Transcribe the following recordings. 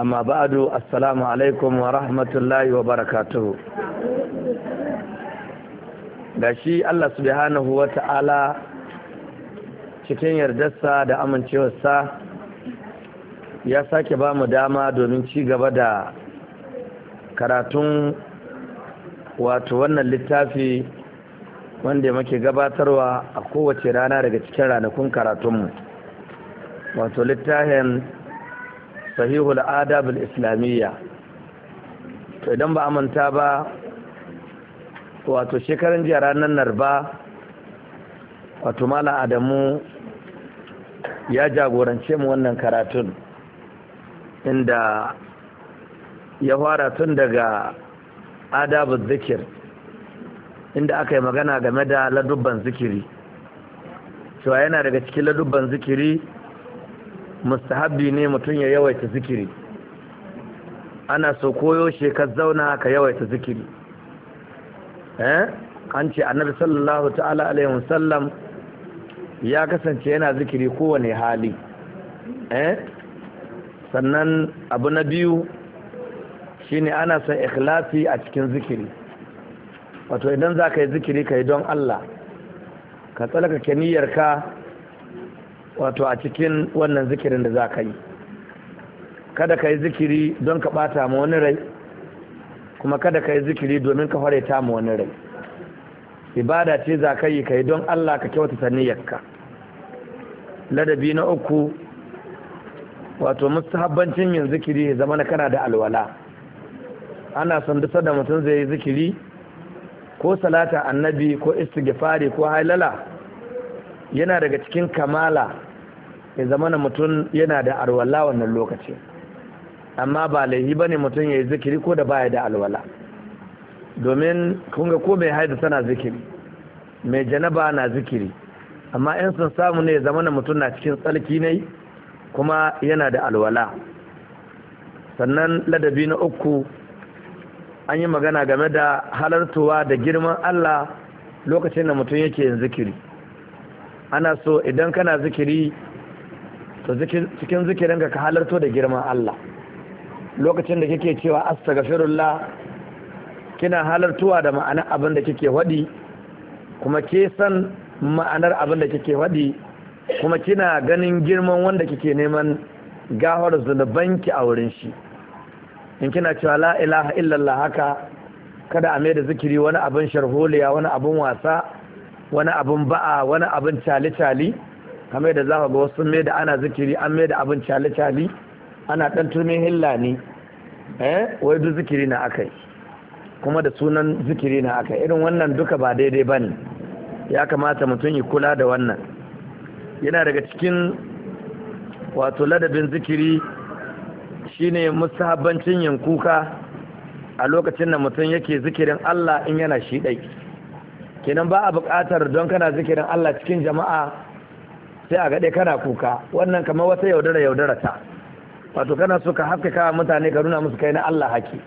amma ba'adu assalamu alaikum wa rahmatullahi wa barakatuhu da shi Allah subhanahu wa ta'ala cikin yardarsa da amincewarsa ya sake ba mu dama domin ci gaba da karatun wato wannan littafi wanda muke gabatarwa a kowace rana daga cikin ranakun karatunmu wato littafin sahihul adabul islamiyya to idan ba manta ba wato shekarun jiya ranar narba wato malam adamu ya jagorance mu wannan karatun inda ya fara tun daga adabul zikir inda aka yi magana game da ladubban zikiri cewa yana daga cikin ladubban zikiri mustahabbi ne mutum ya yawaita zikiri ana so koyo shi ka zauna ka yawaita zikiri eh an ce annabi sallallahu ta'ala alaihi wasallam ya kasance yana zikiri kowane hali eh sannan abu na biyu shine ana son ikhlasi a cikin zikiri wato idan za ka yi zikiri ka yi don Allah ka tsalaka niyyarka wato a cikin wannan zikirin da za ka yi kada ka yi zikiri don ka ɓata ma wani rai kuma kada ka yi zikiri domin ka ta ma wani rai ibada ce za ka yi ka yi don allah ka kyautata niyyarka ladabi na uku wato mustahabbancin yin zikiri ya zama kana da alwala ana son duk da mutum zai yi zikiri ko salata annabi ko istighfari ko halala yana daga cikin kamala ya zama na mutum yana da alwala wannan lokaci amma ba laihi ba ne mutum ya yi zikiri ko da baya da alwala domin kunga ko mai haida tana zikiri mai janaba na zikiri amma yan sun samu ne ya zama na mutum na cikin tsarki ne kuma yana da alwala sannan ladabi na uku an yi magana game da halartuwa da girman allah lokacin da mutum yake yin zikiri ana so idan kana zikiri to cikin zikirinka ka halarto da girman Allah lokacin da kike cewa astaghfirullah kina halartuwa da ma'anar abin da kike wadi kuma ke san ma'anar abin da kike wadi kuma kina ganin girman wanda kike neman gawar zunubanki a wurin shi in kina cewa la ilaha illallah haka kada a mai da zikiri wani abin sharholiya wani abin wasa wani abin ba'a wani abin cali-cali kamar da za ga wasu mai da ana zikiri an mai da abin cali-cali ana ɗan turmin hilla ne eh wai duk zikiri na aka yi kuma da sunan zikiri na aka irin wannan duka ba daidai ba ne ya kamata mutum ya kula da wannan yana daga cikin wato ladabin zikiri shine musahabbancin yin kuka a lokacin da mutum yake zikirin Allah in yana shi ɗai kenan ba a buƙatar don kana zikirin Allah cikin jama'a sai a gaɗe kana kuka wannan kamar wata yaudara yaudara ta wato kana so ka haskaka mutane ka nuna musu kai na Allah haki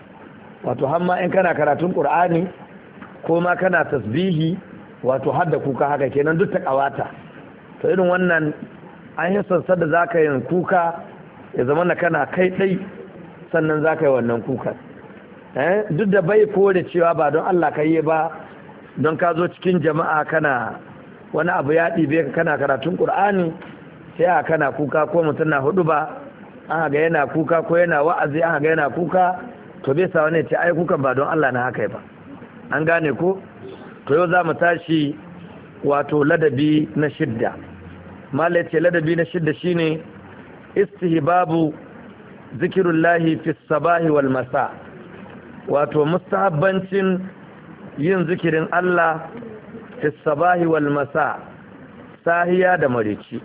wato hamma in kana karatun Qur'ani ko ma kana tasbihi wato har kuka haka kenan duk ta kawata to irin wannan an yi sansa da zaka yin kuka ya zama na kana kai ɗai sannan zaka yi wannan kukan eh, duk da bai kore cewa ba don Allah ka yi ba don ka zo cikin jama'a kana wani abu ya ɗibe ka kana karatun ƙur'ani sai a kana kuka ko mutum na hudu ba an haga yana kuka ko yana wa'azi an haga yana kuka to bai sa wani ce ai kukan ba don Allah na haka ba an gane ko to yau za mu tashi wato ladabi na shidda mala ce ladabi na shidda shine istihibabu zikirullahi fi sabahi wal masa wato mustahabbancin yin zikirin Allah fi wal masa sahiya da marici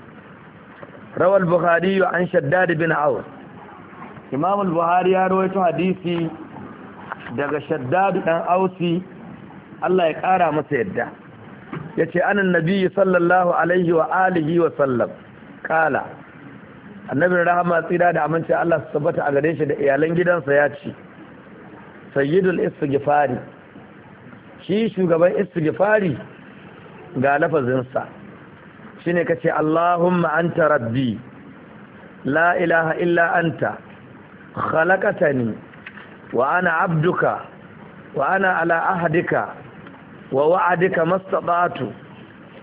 rawal buhari an shaddad bin auf imam buhari ya rawaito hadisi daga shaddad dan ausi Allah ya kara masa yadda yace anan nabiyyi sallallahu alaihi wa alihi wa sallam kala annabin rahama tsira da aminci Allah su tabbata a gare shi da iyalan gidansa ya ce sayyidul Gifari. shi shugaban istighfari ga lafazinsa shine kace Allahumma anta rabbi la ilaha illa anta khalaqatani wa ana abduka wa ana ala ahdika wa wa'adika mastata'tu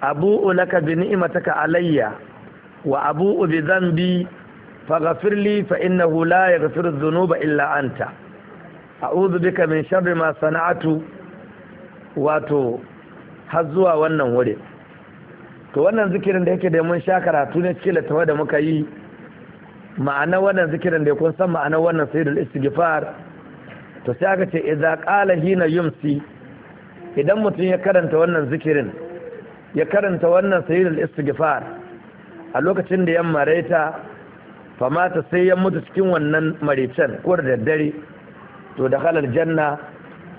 abu'u laka bi ni'mataka alayya wa abu'u bi dhanbi faghfir li fa innahu la yaghfiru dhunuba illa anta a'udhu bika min sharri ma sana'tu wato har zuwa wannan wuri to wannan zikirin da yake da mun sha karatu ne cikin littafa da muka yi ma'ana wannan zikirin da kun san ma'ana wannan sayyidul istighfar to sai aka ce idza qala hina yumsi idan mutum ya karanta wannan zikirin ya karanta wannan sayyidul istighfar a lokacin da yamma raita famata sai ya mutu cikin wannan maricen ko da daddare to da halal janna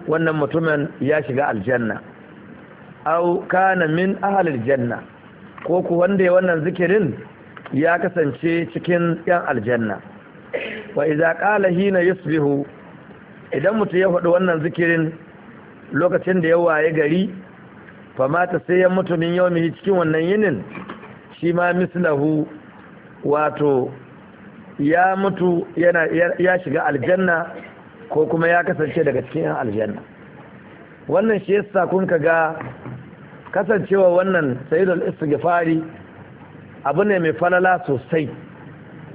wannan mutumin ya shiga aljanna au kana min ahlil janna ko ku wanda ya wannan zikirin ya kasance cikin yan aljanna wa idza qala hina yusbihu idan mutum ya faɗi wannan zikirin lokacin da ya waye gari fa mata sai ya mutu min yawmihi cikin wannan yinin shi ma mislahu wato ya mutu yana ya shiga aljanna ko kuma ya kasance daga cikin yan aljanna wannan shi yasa kun ga kasancewa wannan sayyidul istighfari abu ne mai falala sosai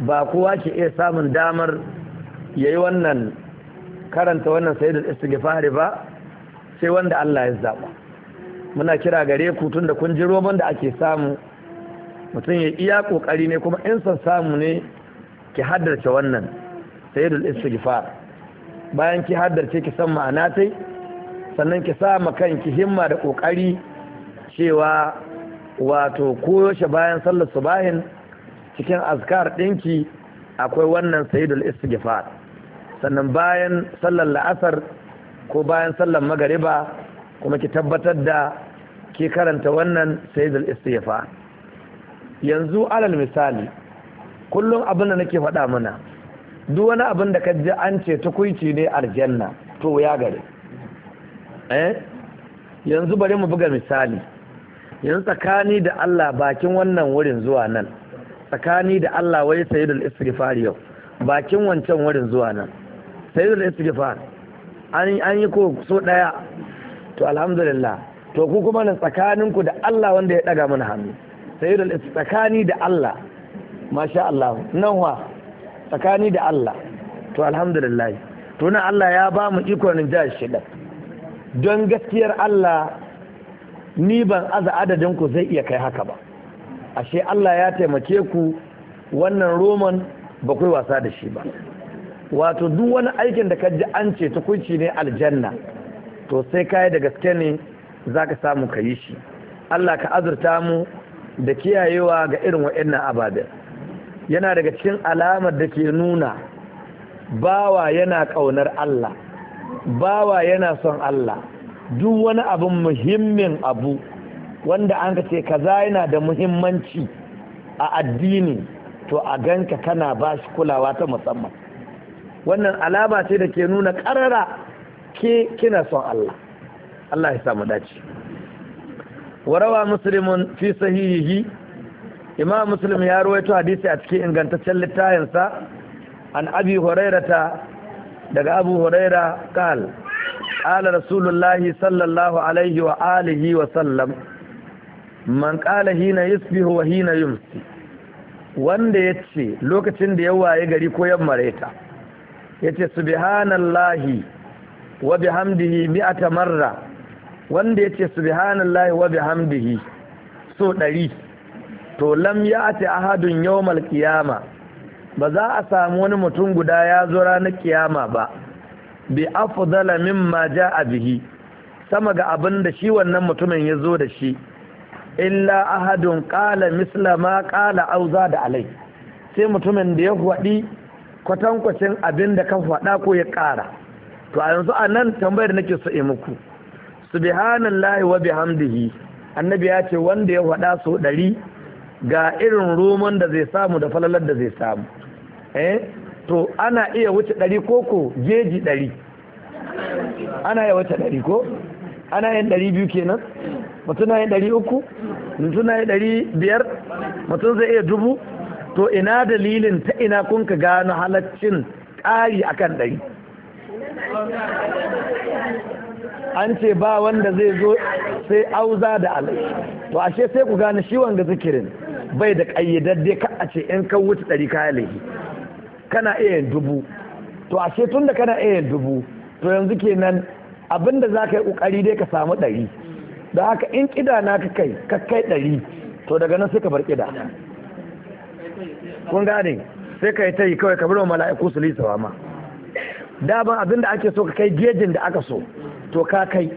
ba kowa ke iya samun damar yayi wannan karanta wannan sayyidul istighfari ba sai wanda Allah ya zaba muna kira gare ku tun da kun ji roman da ake samu mutum ya iya kokari ne kuma in san samu ne ki haddace wannan sayyidul istighfari bayan ki haddace ki san ma'ana tai sannan ki sa ma kanki himma da kokari cewa wato koyaushe bayan sallar subahin cikin azkar ɗinki akwai wannan sayyidul istighfar sannan bayan sallar la'asar ko bayan sallar magariba kuma ki tabbatar da ki karanta wannan sayyidul istighfar yanzu alal misali kullum abin da nake faɗa mana duk wani abin da ka ji an ce tukuici ne aljanna to ya gare eh yanzu bari mu buga misali yanzu tsakani da Allah bakin wannan wurin zuwa nan tsakani da Allah wai sayyidul istighfar yau bakin wancan wurin zuwa nan sayyidul istighfar an an yi ko so daya to alhamdulillah to ku kuma nan tsakanin ku da Allah wanda ya daga mana hannu sayyidul tsakani da Allah masha Allah nan wa tsakani da Allah to alhamdulillah to na Allah ya ba mu ikon jihar shida don gaskiyar Allah ni ban aza adadin ku zai iya kai haka ba ashe Allah ya taimake ku wannan roman ba kai wasa da shi ba wato duk wani aikin da ka ji an ce tukunci ne aljanna to sai kai da gaske ne zaka samu ka shi Allah ka azurta mu da kiyayewa ga irin waɗannan ababen yana daga cikin alamar da ke nuna bawa yana ƙaunar Allah bawa yana son Allah duk wani abin muhimmin abu wanda an ka ce kaza yana da muhimmanci a addini to a ganka kana ba shi kulawa ta musamman wannan alama ce da ke nuna ƙarara ke kina son Allah Allah ya samu dace warawa muslimun fi sahihihi imam muslim ya ruwaito hadisi a cikin ingantaccen littafinsa an abi hurairata daga abu huraira kal ala rasulullahi sallallahu alaihi wa alihi wa sallam man qala hina yusbihu wa hina yumsi wanda ya ce lokacin da ya waye gari ko yammareta yace subhanallahi wa bihamdihi mi'ata marra wanda yace subhanallahi wa hamdihi, so ɗari. to lam ya ati ahadun yawmal qiyama ba za a samu wani mutum guda ya zo ranar kiyama ba bi afdala mimma jaa bihi sama ga abin da shi wannan mutumin ya zo da shi illa ahadun qala misla ma qala auza da alai sai mutumin da ya fadi kwatankwacin abin da ka faɗa ko ya ƙara to a yanzu a nan tambayar nake so in muku subhanallahi wa bihamdihi annabi ya ce wanda ya fada so ɗari ga irin roman da zai samu da falalar da zai samu eh to ana iya wuce ɗari koko jeji ɗari ana iya wuce ɗari ko ana yin ɗari biyu kenan mutum na yin ɗari uku mutum na yin ɗari biyar mutum zai iya dubu to ina dalilin ta ina kun ka gano halaccin ƙari akan ɗari an ce ba wanda zai zo sai auza da alai to ashe sai ku gane shi wanga zikirin bai da kayyadadde ka a ce in ka wuce ɗari kaya laifi kana iya dubu to ashe tun da kana iya dubu to yanzu kenan abinda za ka yi ƙoƙari dai ka samu ɗari da haka in ƙida na ka kai ka kai ɗari to daga nan sai ka bar kida kun gane sai ka yi ta yi kawai ka bar wa mala'iku su lisawa ma daban abin da ake so ka kai gejin da aka so to ka kai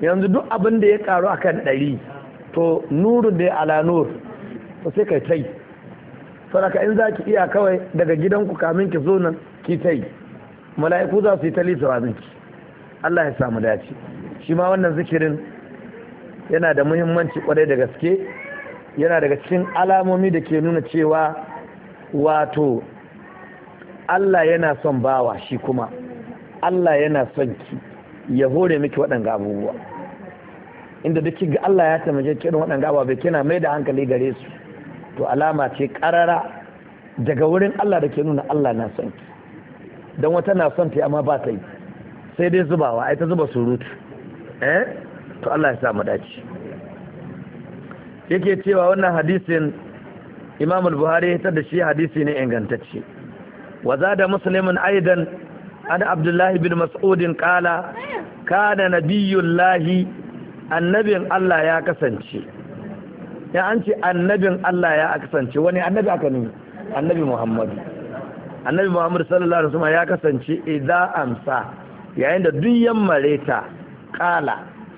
yanzu duk abin da ya karu a kan ɗari to nuru da ya ala nur to sai kai tai saboda in za ki iya kawai daga gidanku kamin ki zo nan ki tai mala'iku za su yi tali su ki Allah ya samu dace shi ma wannan zikirin yana da muhimmanci kwarai da gaske yana daga cikin alamomi da ke nuna cewa wato Allah yana son bawa shi kuma Allah yana son ki ya hore miki waɗanga abubuwa inda duk ga Allah ya taimake ki irin waɗanga abubuwa kina mai da hankali gare su to alama ce ƙarara daga wurin Allah da ke nuna Allah na son ki don wata na son ta amma ba ta yi sai dai zubawa ai ta zuba surutu eh to Allah ya sa mu dace yake cewa wannan hadisin Imam al-Buhari ya da shi hadisi ne ingantacce wa zada muslimin aidan عن abdullahi bin mas'udin kala قال كان annabin Allah ya kasance ya an ce annabin Allah ya kasance wani annabi النبي اكني annabi محمد annabi محمد صلى الله عليه ya kasance كسنتي amsa yayin da duk yammare ta قال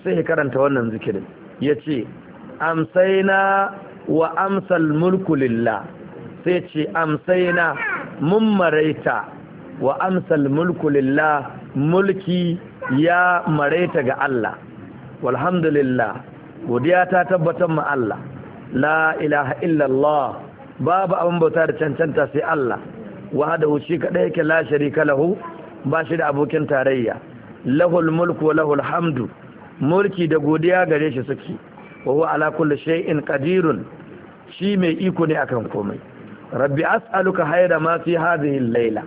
sai ya karanta wannan zikirin yace amsaina wa amsal mulku lillah sai ce amsaina mun maraita wa amsal mulku lillah mulki ya mareta ga Allah walhamdulillah godiya ta tabbatar ma Allah la ilaha illallah babu abin bauta da cancanta sai Allah wahdahu shi kadai yake la sharika lahu ba shi da abokin tarayya lahul mulku wa lahul hamdu mulki da godiya gare shi suke wa huwa ala kulli shay'in qadirun shi mai iko ne akan komai rabbi as'aluka hayra ma fi hadhihi al-laila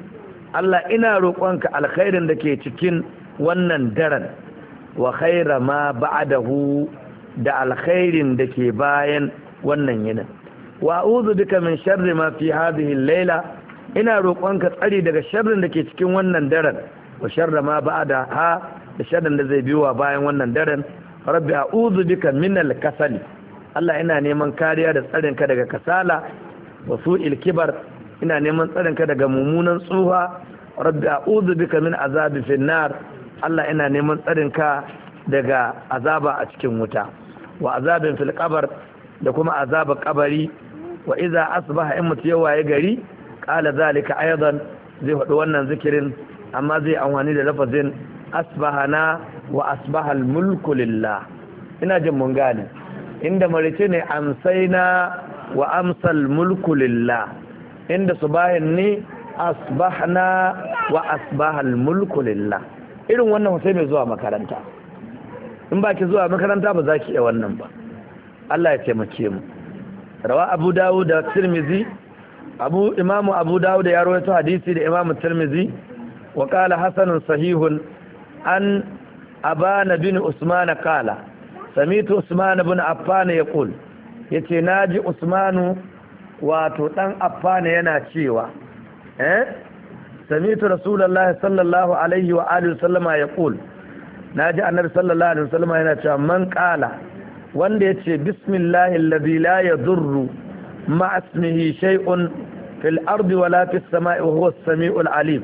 Allah ina roƙonka alkhairin da ke cikin wannan daren wa khaira ma ba'dahu da alkhairin da ke bayan wannan yinin wa uzu duka min sharri ma fi hadhihi Layla, ina roƙonka tsari daga sharrin da ke cikin wannan daren wa sharra ma ba'da ha da sharrin da zai biyowa bayan wannan daren rabbi a'udhu bika min al-kasali Allah ina neman kariya da tsarinka daga kasala wa su'il kibar ina neman tsarinka daga mummunan tsuha rabbi a'udhu bika min azabi finnar Allah ina neman tsarin ka daga azaba a cikin wuta wa azabin fil qabr da kuma azabar kabari wa idza asbaha in mutu yawaye gari qala zalika aidan zai faɗi wannan zikirin amma zai amfani da lafazin asbahana wa al mulku lillah ina jin mun gane inda marice ne amsaina wa amsal mulku lillah inda bayan ne asbahna wa asbahal mulku lillah irin wannan sai mai zuwa makaranta in ba ki zuwa makaranta ba za ki iya wannan ba Allah ya taimake mu rawa Abu Dawud da Tirmizi. Abu Imam Abu Dawud ya rawaito hadisi da Imam Tirmizi. wa qala hasanun sahihun an abana bin Usman qala samitu Usman ibn Affan yaqul yace ji Usmanu wato ɗan affana yana cewa eh samitu rasulullahi sallallahu alaihi wa alihi sallama ya ƙul annabi sallallahu alaihi wasallama yana cewa man ƙala wanda yace ce bismillahi la yadurru ma asmihi shay'un fil ardi wala fis sama'i wa huwa as-sami'ul alim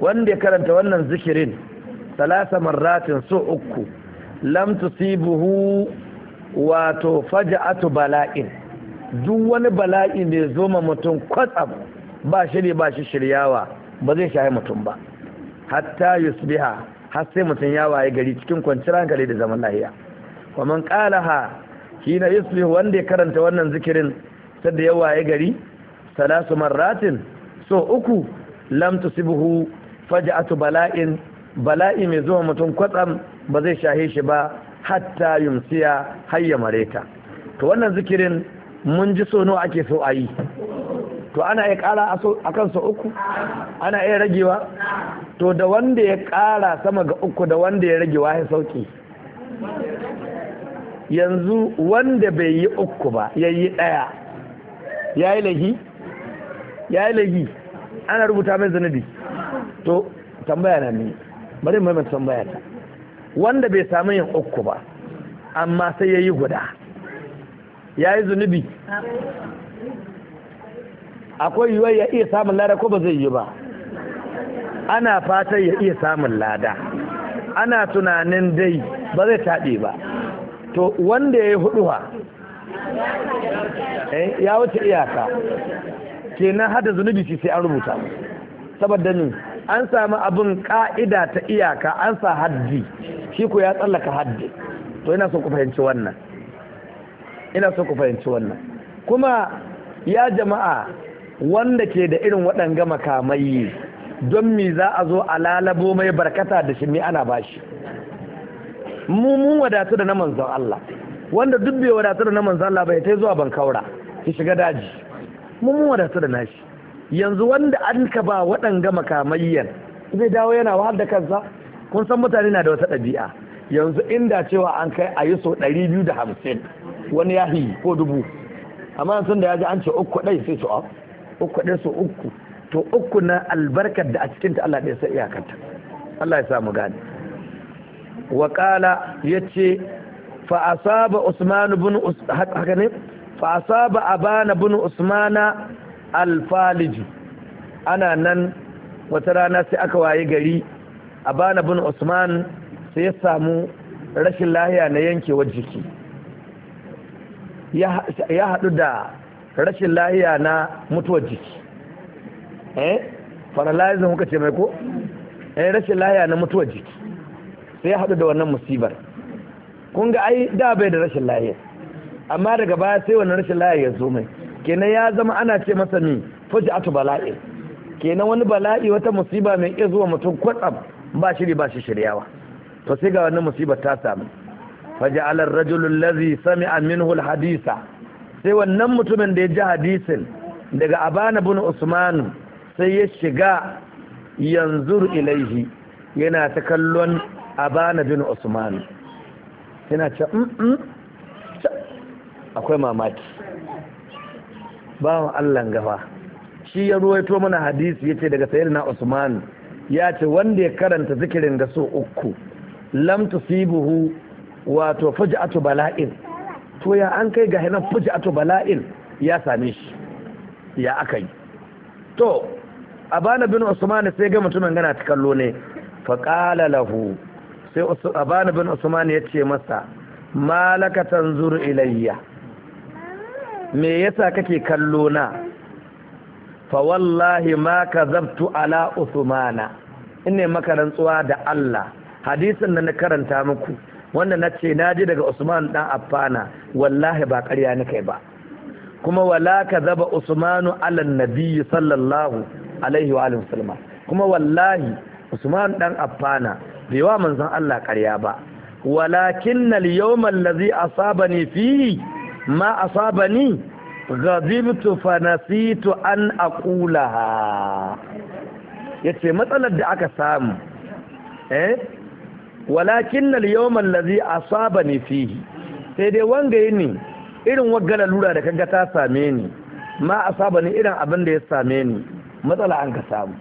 wanda ya karanta wannan zikirin salasa marratin su uku lam tusibuhu wato faja'atu bala'in duk wani bala'i da ya zo ma mutum kwatsam ba shirye ba shi shiryawa ba zai shahi mutum ba hatta yusbiha har sai mutum ya waye gari cikin kwanciyar hankali da zaman lahiya wa man qalaha hina yusbih wanda ya karanta wannan zikirin sai da ya waye gari salasu marratin so uku lam tusibuhu faj'atu bala'in bala'i mai zuwa mutum kwatsam ba zai shahe shi ba hatta yumsiya hayya mareta to wannan zikirin mun ji so nawa ake so a yi to ana iya ƙara a kansa uku ana iya ragewa to da wanda ya ƙara sama ga uku da wanda ya ragewa ya sauki yanzu wanda bai yi uku ba ya yi ɗaya ya yi lagi ya yi lagi ana rubuta mai zunubi to tambaya na ne bari mai tambaya ta wanda bai samu yin uku ba amma sai ya yi guda ya yi zunubi akwai yiwuwa ya iya samun lada ko ba zai yi ba ana fatan ya iya samun lada ana tunanin dai ba zai taɗe ba to wanda ya yi huduwa eh, ya wuce iyaka kenan hada zunubi ce sai an rubuta saboda ne an samu abin ka'ida ta iyaka an sa haddi shi ku ya tsallaka haddi to ina so ku fahimci wannan ina so ku fahimci wannan kuma ya jama'a wanda ke da irin waɗanga makamai don mi za a zo a lalabo mai barkata da shi ana bashi mu mun wadatu da na manzon Allah wanda duk bai wadatu da na manzon Allah bai ta zuwa bankaura ki shiga daji mu mun wadatu da nashi yanzu wanda an ka ba waɗanga makamaiyan zai dawo yana wahal da kansa kun san mutane na da wata ɗabi'a yanzu inda cewa an kai a yi so ɗari biyu da hamsin wani ya fi ko dubu amma sun da ya ji an ce uku ɗai sai su a oh, uku ɗai su uku to uku na albarkar da a cikin ta Allah ya sai iyakanta Allah ya samu gane wa qala yace fa asaba usman ibn haka ne fa asaba abana ibn usmana alfaliji ana nan wata rana sai aka waye gari abana ibn usman sai ya samu rashin lahiya na yankewar jiki ya haɗu da rashin lahiya na mutuwar jiki eh paralyzing kuka ce mai ko eh rashin lahiya na mutuwar jiki sai ya haɗu da wannan musibar kun ga ai da bai da rashin lahiya amma daga baya sai wannan rashin lahiya ya zo mai kenan ya zama ana ce masa ni atu bala'i kenan wani bala'i wata musiba mai iya zuwa mutum kwatsam ba shiri ba shi shiryawa to sai ga wannan musibar ta samu Faja'alar rajulun Lazi sami sami'a Hadisa, sai wannan mutumin da ya ji hadisin daga abana bin usman sai ya shiga yanzu ilaihi yana ta kallon abana bin usman yana ce akwai mamaki bawan allan gaba shi ya ruwaito mana hadisi yace daga sayyidina usman ya ce wanda ya karanta zikirin da so uku lam tusibuhu wato ato bala'in to ya an kai ga hinan ato bala'in ya same shi ya aka yi to abana bin usman sai ga mutumin gana ta kallo ne fa qala lahu sai abana bin usman ya ce masa malaka tanzur ilayya me yasa kake kallo na fa wallahi ma kazabtu ala usmana inne maka rantsuwa da Allah hadisin da na karanta muku wannan na ce na ji daga usman dan affana wallahi ba ƙarya ni kai ba kuma wala ka zaba usmanu ala nabiyyi sallallahu alaihi wa alihi wasallam kuma wallahi usman dan affana bai wa manzon Allah ƙarya ba walakin al yawm allazi asabani fihi ma asabani ghadibtu fa nasitu an aqulaha yace matsalar da aka samu eh walakin nal yawman lazi asaba fihi sai dai wanga yini irin waggala lura da kaga ta same ni ma saba ne irin abin da ya same ni matsala an ka samu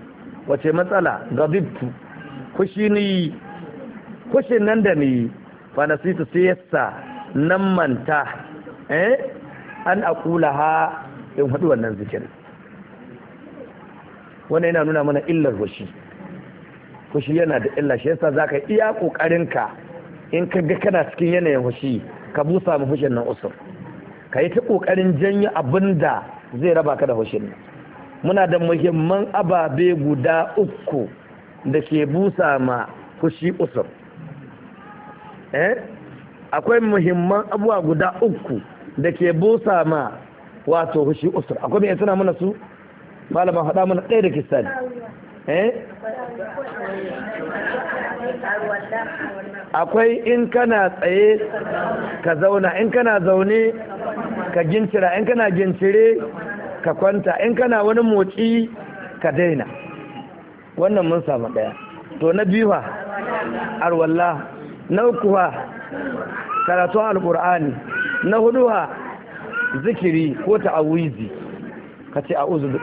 wace matsala gadibtu kushi kushin nan da ni fa nasitu sai nan manta eh an aqula ha in hadu wannan zikirin wannan yana nuna mana illar washi Fushi yana da illa shi yasa zaka iya kokarin ka in ka ga kana cikin yanayin fushi ka busa mu fushin nan usur ka yi ta kokarin janyo abinda zai raba ka da fushin nan muna da muhimman ababe guda uku da ke busa ma fushi usur eh akwai muhimman abuwa guda uku da ke busa ma wato fushi usur akwai mai suna mana su malama faɗa mana ɗaya da kistani Eh? akwai in kana tsaye ka zauna in kana zaune ka gincira in kana gincire ka kwanta in kana wani motsi ka daina wannan mun samu ɗaya to na biyu arwalla na uku karatun alkur'ani na hudu zikiri ko ta'awizi ka ce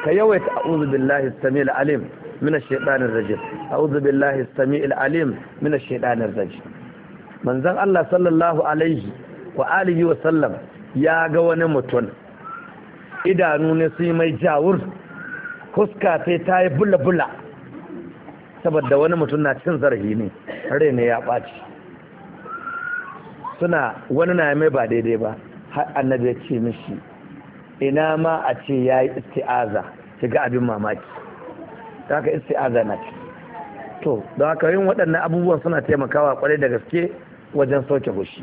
ka yawaita a'udhu billahi samil alim من الشيطان الرجيم أعوذ بالله السميع العليم من الشيطان الرجيم من ذن الله صلى الله عليه وآله وسلم يا قوان متون إذا نونسي ما يجاور خسكا تيتاي بلا بلا سبب دوان متون ناتشن زرهيني رين يا باج سنا wani يمي با دي دي با حق annabi ya ce مشي ina ma a ce ya yi isti'aza shiga ta haka isti'aza azana ci to da haka yin waɗannan abubuwan suna taimakawa kwarai da gaske wajen sauke hushi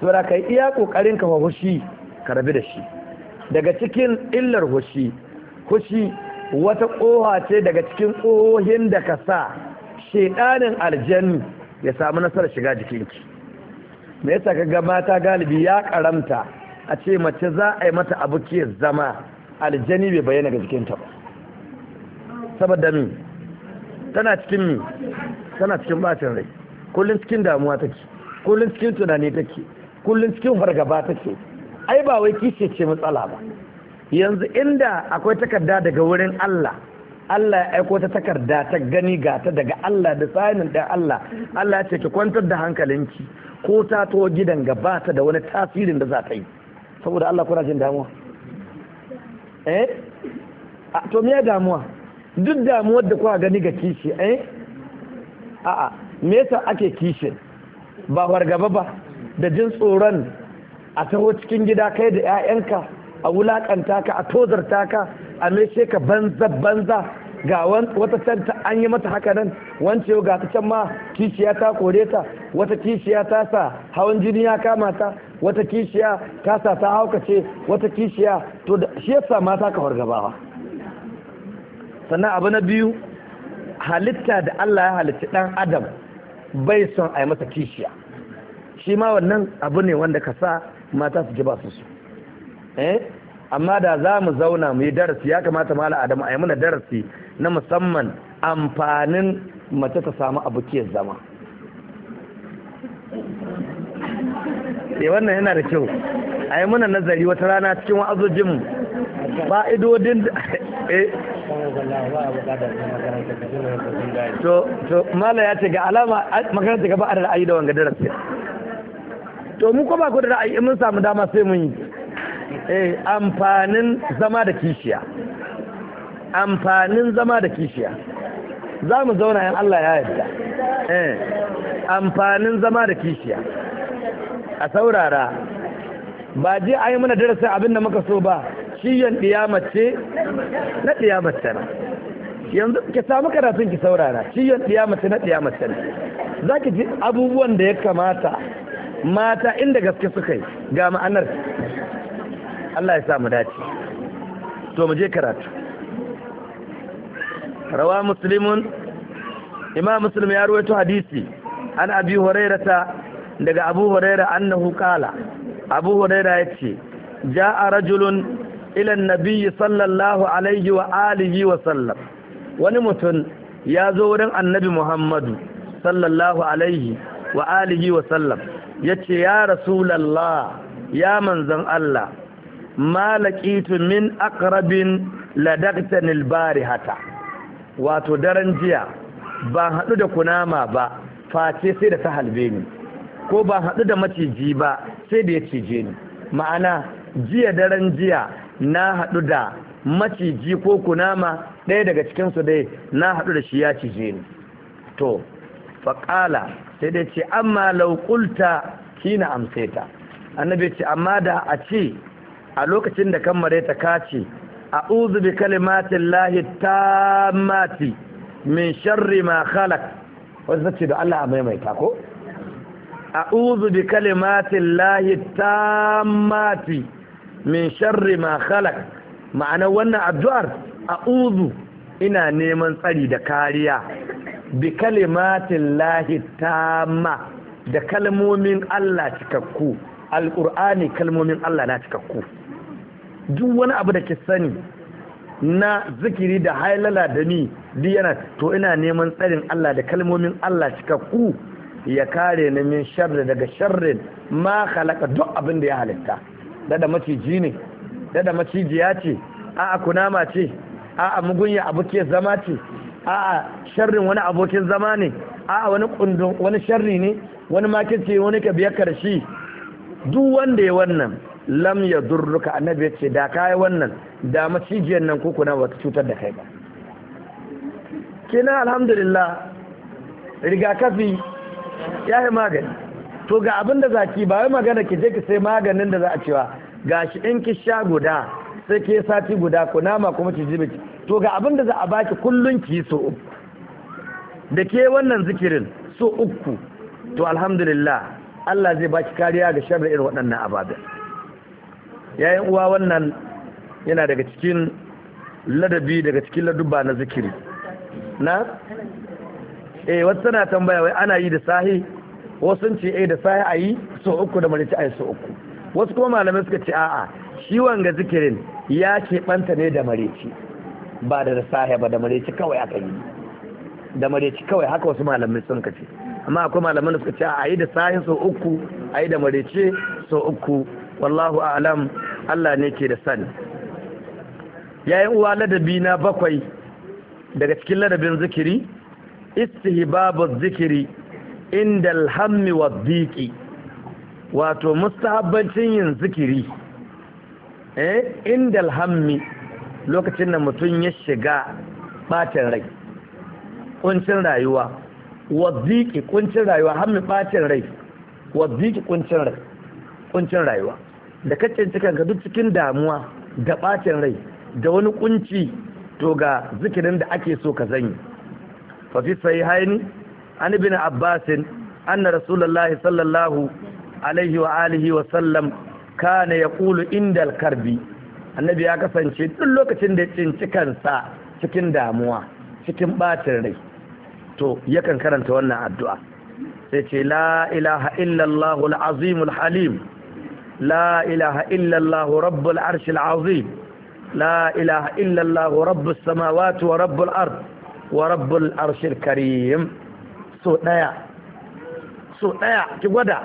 to da ka iya kokarin ka hushi ka rabu da shi daga cikin illar hushi hushi wata kowa ce daga cikin ƙohohin da ka sa shaidanin aljanni ya samu nasarar shiga jikinki me yasa ka ga mata galibi ya karamta a ce mace za a yi mata abu ke zama aljani bai bayyana ga jikinta ba saboda min tana cikin mi tana cikin bacin rai kullum cikin damuwa take kullum cikin tunani take kullum cikin fargaba take ai ba wai kishe ce matsala ba yanzu inda akwai takarda daga wurin Allah Allah ya aiko ta takarda ta gani ga ta daga Allah da sanin da Allah Allah ya ce ki kwantar da hankalinki ko ta to gidan gaba ta da wani tasirin da za ta yi saboda Allah kuna jin damuwa eh to me damuwa duk damuwar da kuka gani ga kishi eh a'a me yasa ake kishin ba fargaba ba da jin tsoron a taho cikin gida kai da 'ya'yanka a wulakanta ka a tozarta ka a meshe ka banza banza ga wata can an yi mata haka nan wance ga ta can ma kishiya ta kore ta wata kishiya ta sa hawan jini ya kama ta wata kishiya ta sa ta haukace wata kishiya to shi yasa mata ka fargabawa sannan abu na biyu halitta da Allah ya halitta ɗan adam bai son a yi masa kishiya shi ma wannan abu ne wanda ka sa mata su ji su su eh amma da za mu zauna mu yi darasi ya kamata mala adamu a yi mana darasi na musamman amfanin mace ta samu abu ke zama eh wannan yana da kyau a yi mana nazari wata rana cikin wa'azojin fa'idodin eh to to mala ya ce ga alama makarantar ka ba da ra'ayi da wanga darasi to mu ko ba ku da ra'ayi mun samu dama sai mun yi eh amfanin zama da kishiya amfanin zama da kishiya za mu zauna yan Allah ya yarda eh amfanin zama da kishiya a saurara ba je a yi mana darasin abin da muka so ba Ciyan diyamace na ɗiyamace na yanzu ki samu karatun ki saurara ciyan diyamace na ɗiyamace na za ki ji abubuwan da ya kamata mata inda gaske suka yi ga ma'anar Allah ya samu dace to mu je karatu rawa muslimun imam muslim ya ruwaito hadisi an abi hurairata daga abu huraira annahu qala abu huraira yace ja'a rajulun Ilan nabiyyi sallallahu alaihi wa alihi wa sallam wani mutum ya zo wurin annabi muhammadu sallallahu alaihi wa alihi wa sallam ce ya rasulullah ya manzon Allah ma min aqrabin ladaqtani albarihata wato daren jiya ba haɗu da kunama ba face sai da ta halbe ni ko ba haɗu da maciji ba sai da ya cije ni ma'ana jiya daren jiya na haɗu da maciji ko kunama ɗaya daga cikinsu dai na haɗu da shi ya cije ni to faƙala sai dai ce amma laukulta kina ta annabi ce amma da a ce a lokacin da kan mare ta kace a'udhu bi kalimatin lahi ta mati. min sharri ma khalak wanda ce da Allah a maimaita ko A'uzubi bi kalimatin lahi ta mati. min sharri ma khalaq ma'ana wannan addu'ar a'udhu ina neman tsari da kariya bi kalimatin lahi tamma da kalmomin Allah cikakku alqur'ani kalmomin Allah na cikakku duk wani abu da ke sani na zikiri da hailala da ni duk yana to ina neman tsarin Allah da kalmomin Allah cikakku ya kare ni min sharri daga sharrin ma khalaqa duk abin da ya halitta dada maciji ne dada macijiya ce a'a kunama ce a'a mugunya abokin zama ce a'a sharrin wani abokin zama ne a'a wani kundin wani sharri ne wani ce, wani ka biya karshi duk wanda ya wannan lam ya durruka annabi ya ce da ka wannan da macijiyan nan ko kuna wata cutar da kai ba kina alhamdulillah rigakafi ya yi magani to ga abin da zaki ba wai magana ki je ki sai maganin da za a cewa gashi in ki sha guda sai ke sati guda ku nama kuma ki jibi to ga abin da za a baki kullun ki so uku da ke wannan zikirin so uku to alhamdulillah Allah zai baki kariya ga sharri irin waɗannan ababen yayin uwa wannan yana daga cikin ladabi daga cikin ladubba na zikiri na eh wata tana tambaya wai ana yi da sahi wasu ce a eh, da sai a yi so uku da marici a yi so uku wasu kuma malamai suka ce a'a shi wanga zikirin ya banta ne da marici ba da sahe ba da marici kawai aka yi da marici kawai haka wasu malamai sun ka ce amma akwai malaman da suka ce a yi da sahe so uku a yi da marici so uku wallahu a'lam Allah ne ke da sani yayin uwa ladabi na bakwai daga cikin ladabin zikiri istihbabu zikiri inda alhammi wa biki wato mustahabbancin yin zikiri eh inda alhammi lokacin da mutum ya shiga bacin rai kuncin rayuwa wa biki kuncin rayuwa hammi bacin rai wa biki kuncin rai kuncin rayuwa da kacin cikin ka duk cikin damuwa da bacin rai da wani kunci to ga zikirin da ake so ka zanyi fa fi haini an ibn abbasin anna rasulullahi sallallahu alaihi wa alihi wa sallam kana yaqulu indal karbi annabi ya kasance duk lokacin da cinci kansa cikin damuwa cikin bacin rai to yakan karanta wannan addu'a sai ce la ilaha illallah al-azim al-halim la ilaha illallah rabbul arsh al-azim la ilaha illallah rabbus samawati wa rabbul ard wa rabbul arsh al so ɗaya so ɗaya ki gwada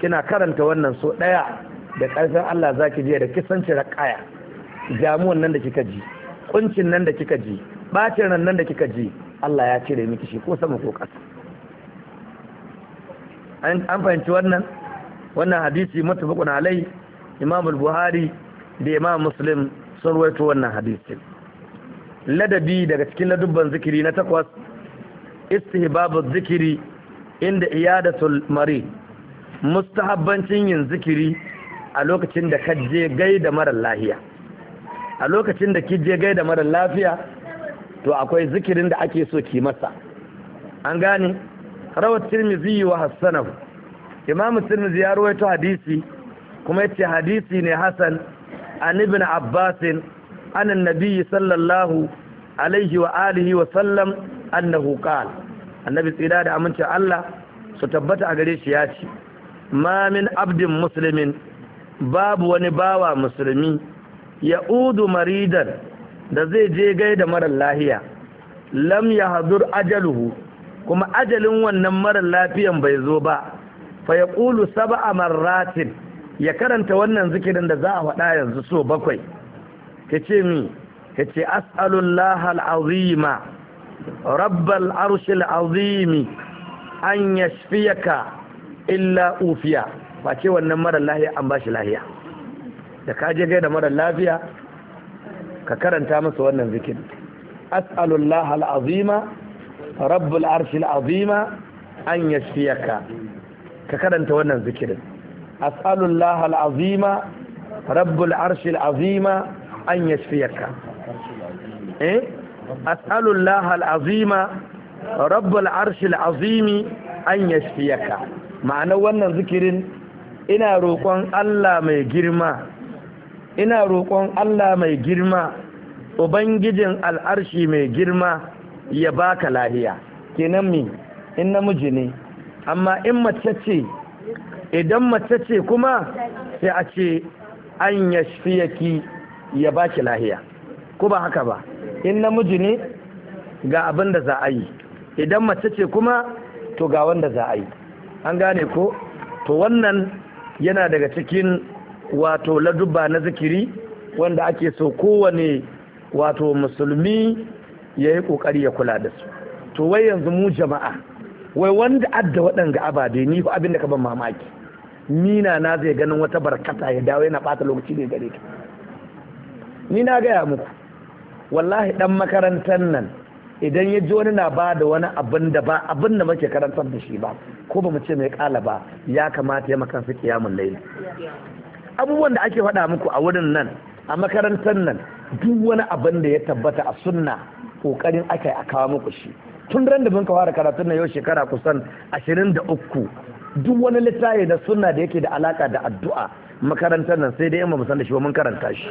kina karanta wannan so ɗaya da ƙarfin Allah za ki je da kisanci raƙaya jamuwan nan da kika ji kuncin nan da kika ji ɓacin nan da kika ji Allah ya cire miki shi ko sama ko ƙasa an fahimci wannan wannan hadisi mutafaqun alai Imam Buhari da Imam Muslim sun ruwaito wannan hadisi ladabi daga cikin ladubban zikiri na takwas istihbabu zikiri inda iyadatul mari mustahabbancin yin zikiri a lokacin da ka je gaida mara lafiya a lokacin da ki je gaida mara lafiya to akwai zikirin da ake so ki masa an gane rawat tirmizi wa hassanahu imam tirmizi ya rawaito hadisi kuma yace hadisi ne hasan an ibn abbas an annabi sallallahu alaihi wa alihi wa sallam annahu qala annabi tsira da amince Allah su tabbata a gare shi ya ce ma min abdin muslimin babu wani bawa musulmi ya udu maridan da zai je gaida marar lahiya lam ya hazur ajaluhu kuma ajalin wannan marar lafiyan bai zo ba fa ya ƙulu saba'a marratin ya karanta wannan zikirin da za a faɗa yanzu so bakwai ka ce mi ka ce as'alullah azima rabbal arshil azimi an yashfiyaka illa ufiya ba ce wannan mara lahiya an bashi lahiya da ka je gaida mara lafiya ka karanta masa wannan zikin as'alullah al'azima rabbul arshil azima an yashfiyaka ka karanta wannan zikirin as'alullah al'azima rabbul arshil azima an as'alullaha al'azima rabbul arshil azimi an yashfiyaka ma'anar wannan zikirin ina roƙon Allah mai girma ina roƙon Allah mai girma ubangijin al'arshi mai girma ya baka lahiya kenan mi in namiji ne amma in mace ce idan mace ce kuma sai a ce an yashfiyaki ya baki lahiya ko ba haka ba in namiji ne ga abin da za a yi idan mace ce kuma to ga wanda za a yi an gane ko to wannan yana daga cikin wato ladubba na zikiri wanda ake so kowane wato musulmi ya yi ƙoƙari ya kula da su to wai yanzu mu jama'a wai wanda adda waɗanga ababe ni ko abin da ka ban mamaki nina na zai ganin wata barkata ya dawo yana ɓata lokaci ne gare ta ni na gaya muku wallahi dan makarantar nan idan ya ji wani na ba da wani abin da ba abin da muke karantar da shi ba ko ba mu ce mai kala ba ya kamata ya makan fi kiyamun laila abubuwan da ake faɗa muku a wurin nan a makarantar nan duk wani abin da ya tabbata a sunna kokarin aka a kawo muku shi tun ran da mun ka fara karatun nan yau shekara kusan ashirin da uku duk wani littafi da sunna da yake da alaka da addu'a makarantar nan sai dai in ba mu san da shi ba mun karanta shi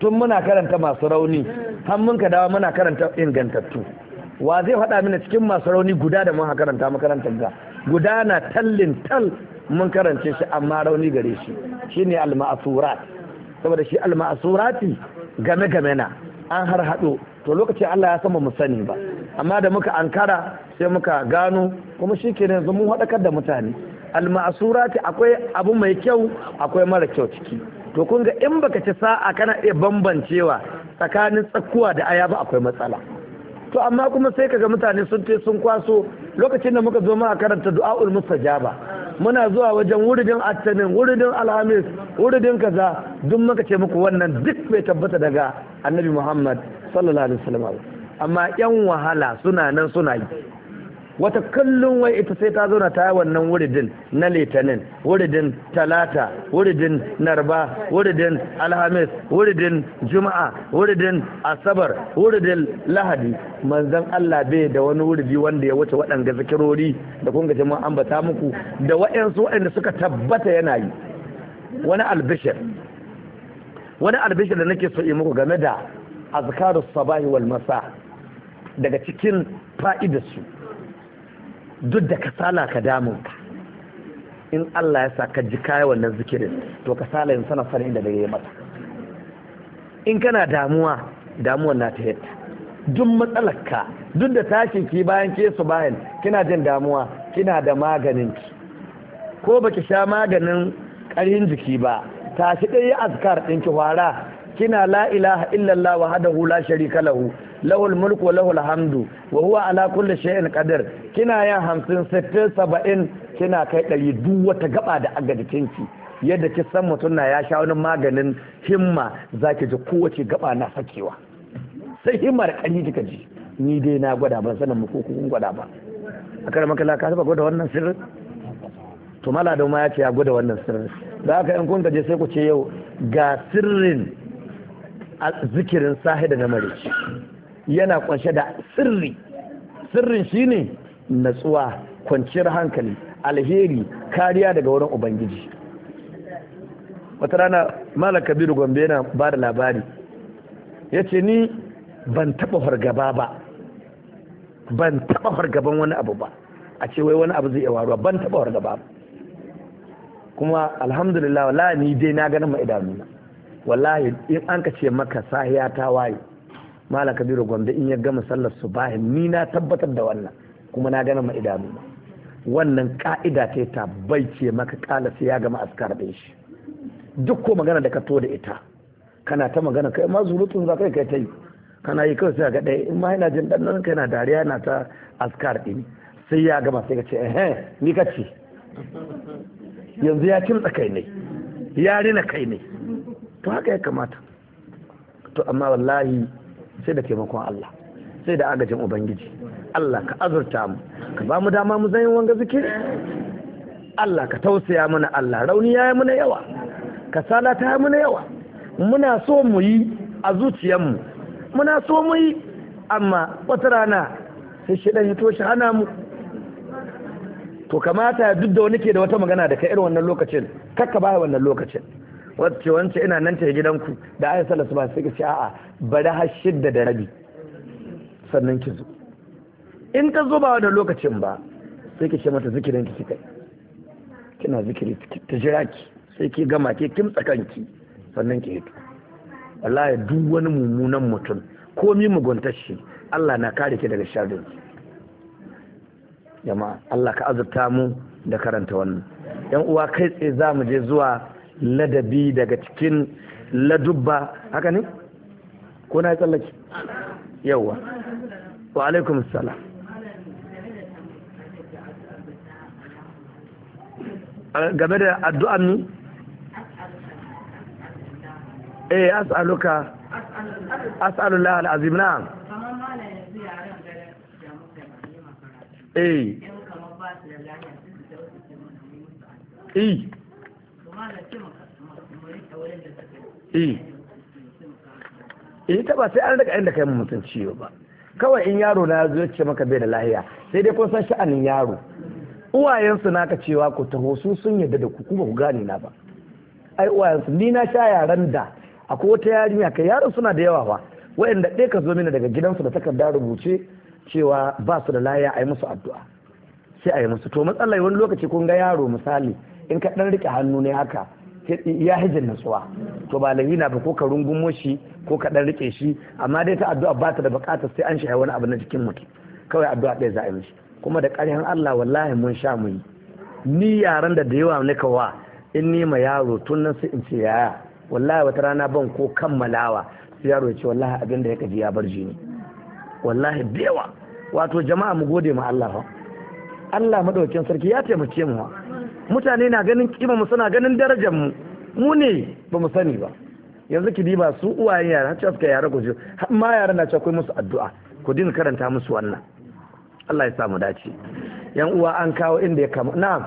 tun muna karanta masu rauni har mun ka dawo muna karanta ingantattu wa zai faɗa mana cikin masu rauni guda da mun karanta makarantar ga guda na tallin tal mun karance shi amma rauni gare shi shine al-ma'surat saboda shi al-ma'surati game game na an har haɗo to lokacin Allah ya san mu sani ba amma da muka ankara sai muka gano kuma shi ke yanzu mun haɗakar da mutane al-ma'surati akwai abu mai kyau akwai mara kyau ciki to kun ga in baka ci sa'a kana iya bambancewa tsakanin tsakkuwa da aya ba akwai matsala to amma kuma sai kaga mutane sun te sun kwaso lokacin da muka zo ma karanta du'a'ul mustajaba muna zuwa wajen wuridin attanin wuridin alhamis wuridin kaza duk muka ce muku wannan duk bai tabbata daga annabi muhammad sallallahu alaihi wasallam amma yan wahala suna nan suna yi wata kallon wai ita sai ta zauna ta wannan wuridin na litinin wuridin talata wuridin narba wuridin alhamis wuridin juma'a wuridin asabar wuridin lahadi manzon Allah bai da wani wuridi wanda ya wuce waɗanga zikirori da kun gaji mun ambata muku da waɗansu waɗanda suka tabbata yana yi wani albishir wani albishir da nake so yi muku game da azkarus sabahi wal masa daga cikin fa'idarsu duk da kasala ka damun in Allah ya sa ka ji kaya wannan zikirin to kasala yin sana sanin da yi mata in kana damuwa damuwa na ta yadda duk matsalar duk da tashin ki bayan ke su bayan kina jin damuwa kina da maganin ki ko baki sha maganin ƙarhin jiki ba tashi ɗaya azkar ɗin ki fara kina la ilaha illallah hada hula sharika lahu lahul mulku wa lahul hamdu wa huwa ala kulli shay'in qadir kina yin 50 60 70 kina kai ɗari duk wata gaba da ki? yadda ki san mutum na ya sha wani maganin himma zaki ji kowace gaba na sakewa sai himmar kani kika ji ni dai na gwada ban sanin muku kun gwada ba a kar makala ka taba gwada wannan sirrin to mala da ma ya ce ya gwada wannan sirrin da haka in kun gaje sai ku ce yau ga sirrin zikirin sahi da na marici yana kunshe da sirri sirrin shine natsuwa kwanciyar hankali alheri kariya daga wurin ubangiji wata rana malar kabiru gombe yana ba da labari ya ce ni ban taba fargaba ba ban taba fargaban wani abu ba a ce wai wani abu zai iya waruwa ban taba fargaba ba kuma alhamdulillah wala ni dai na ganin ma idanuna wallahi in an ka ce maka sahiya ta waye mala kabiru gombe in ya gama sallar su bahin ni na tabbatar da wannan kuma na gana ma'idanu wannan ka'ida ta ta bai ce maka kala sai ya gama askar din shi duk ko magana da ka to da ita kana ta magana kai ma zurutun za kai kai ta yi kana yi kawai sai ga ɗaya eh, in ma yana jin ɗan nan na dariya na ta askar din sai ya gama sai ka ce eh, eh ni ka ce yanzu ya kimtsa kai ne ya rina kai ne to haka ya kamata to amma wallahi sai da taimakon Allah sai da agajin ubangiji Allah ka azurta mu ka ba mu dama mu zanyi wanga zikiri Allah ka tausaya mana Allah rauni ya yi mana yawa sala ta yi mana yawa muna so mu yi a zuciyarmu muna so mu yi amma wata rana sai shi dan hito shi hana mu to kamata duk da wani ke da wata magana da ka irin wannan lokacin kakka ba wannan lokacin wacce wance ina nan ta gidanku da ayi salasu ba su ka a'a bari har shidda da rabi sannan ki zo in ka zo ba wannan lokacin ba sai ki ce mata zikirin ki kai kina zikiri ta jira ki sai ki gama ki kim tsakanki sannan ki hito wallahi duk wani mummunan mutum komi muguntar shi Allah na kare ki daga sharrin jama'a Allah ka azurta mu da karanta wannan yan uwa kai tsaye za mu je zuwa ladabi daga cikin ladubba haka ne ko na tsallaki yawa wa alaikum salam game da addu'an ni eh as'aluka as'alullah al'azim na eh eh eh, eh ta sai an daga inda kai mutum ciwo ba kawai in yaro na zuwa ce maka bai da lahiya sai dai kun san sha'anin yaro uwayensu naka cewa ku taho su sun yarda da ku kuma ku gane na ba ai uwayensu ni na sha yaran da akwai wata yarinya kai yaran suna da yawa ba wa'anda ɗaya ka zo mini daga gidansu da takarda rubuce cewa ba su da lahiya a yi musu addu'a sai a yi musu to matsalar wani lokaci kun ga yaro misali in ka ɗan riƙe hannu ne haka ya hijin nutsuwa to ba lahina ba ko ka rungumo shi ko ka dan rike shi amma dai ta addu'a ba ta da bukatar sai an shi wani abu na jikin mutum kawai addu'a ɗaya za a yi mishi kuma da ƙarfin Allah wallahi mun sha mu yi ni yaran da da yawa ne wa, in ni ma yaro tun nan sai in ce yaya wallahi wata rana ban ko kammalawa sai yaro ya ce wallahi abin da ya kaji ya bar jini wallahi da wato jama'a mu gode ma Allah Allah madaukin sarki ya taimake mu mutane na ganin kima mu suna ganin darajar mu mu ne ba mu sani ba yanzu ki diba su uwaye yara har suka yara ku har ma yara na cewa kai musu addu'a ku din karanta musu wannan Allah ya sa mu dace yan uwa an kawo inda ya kama na'am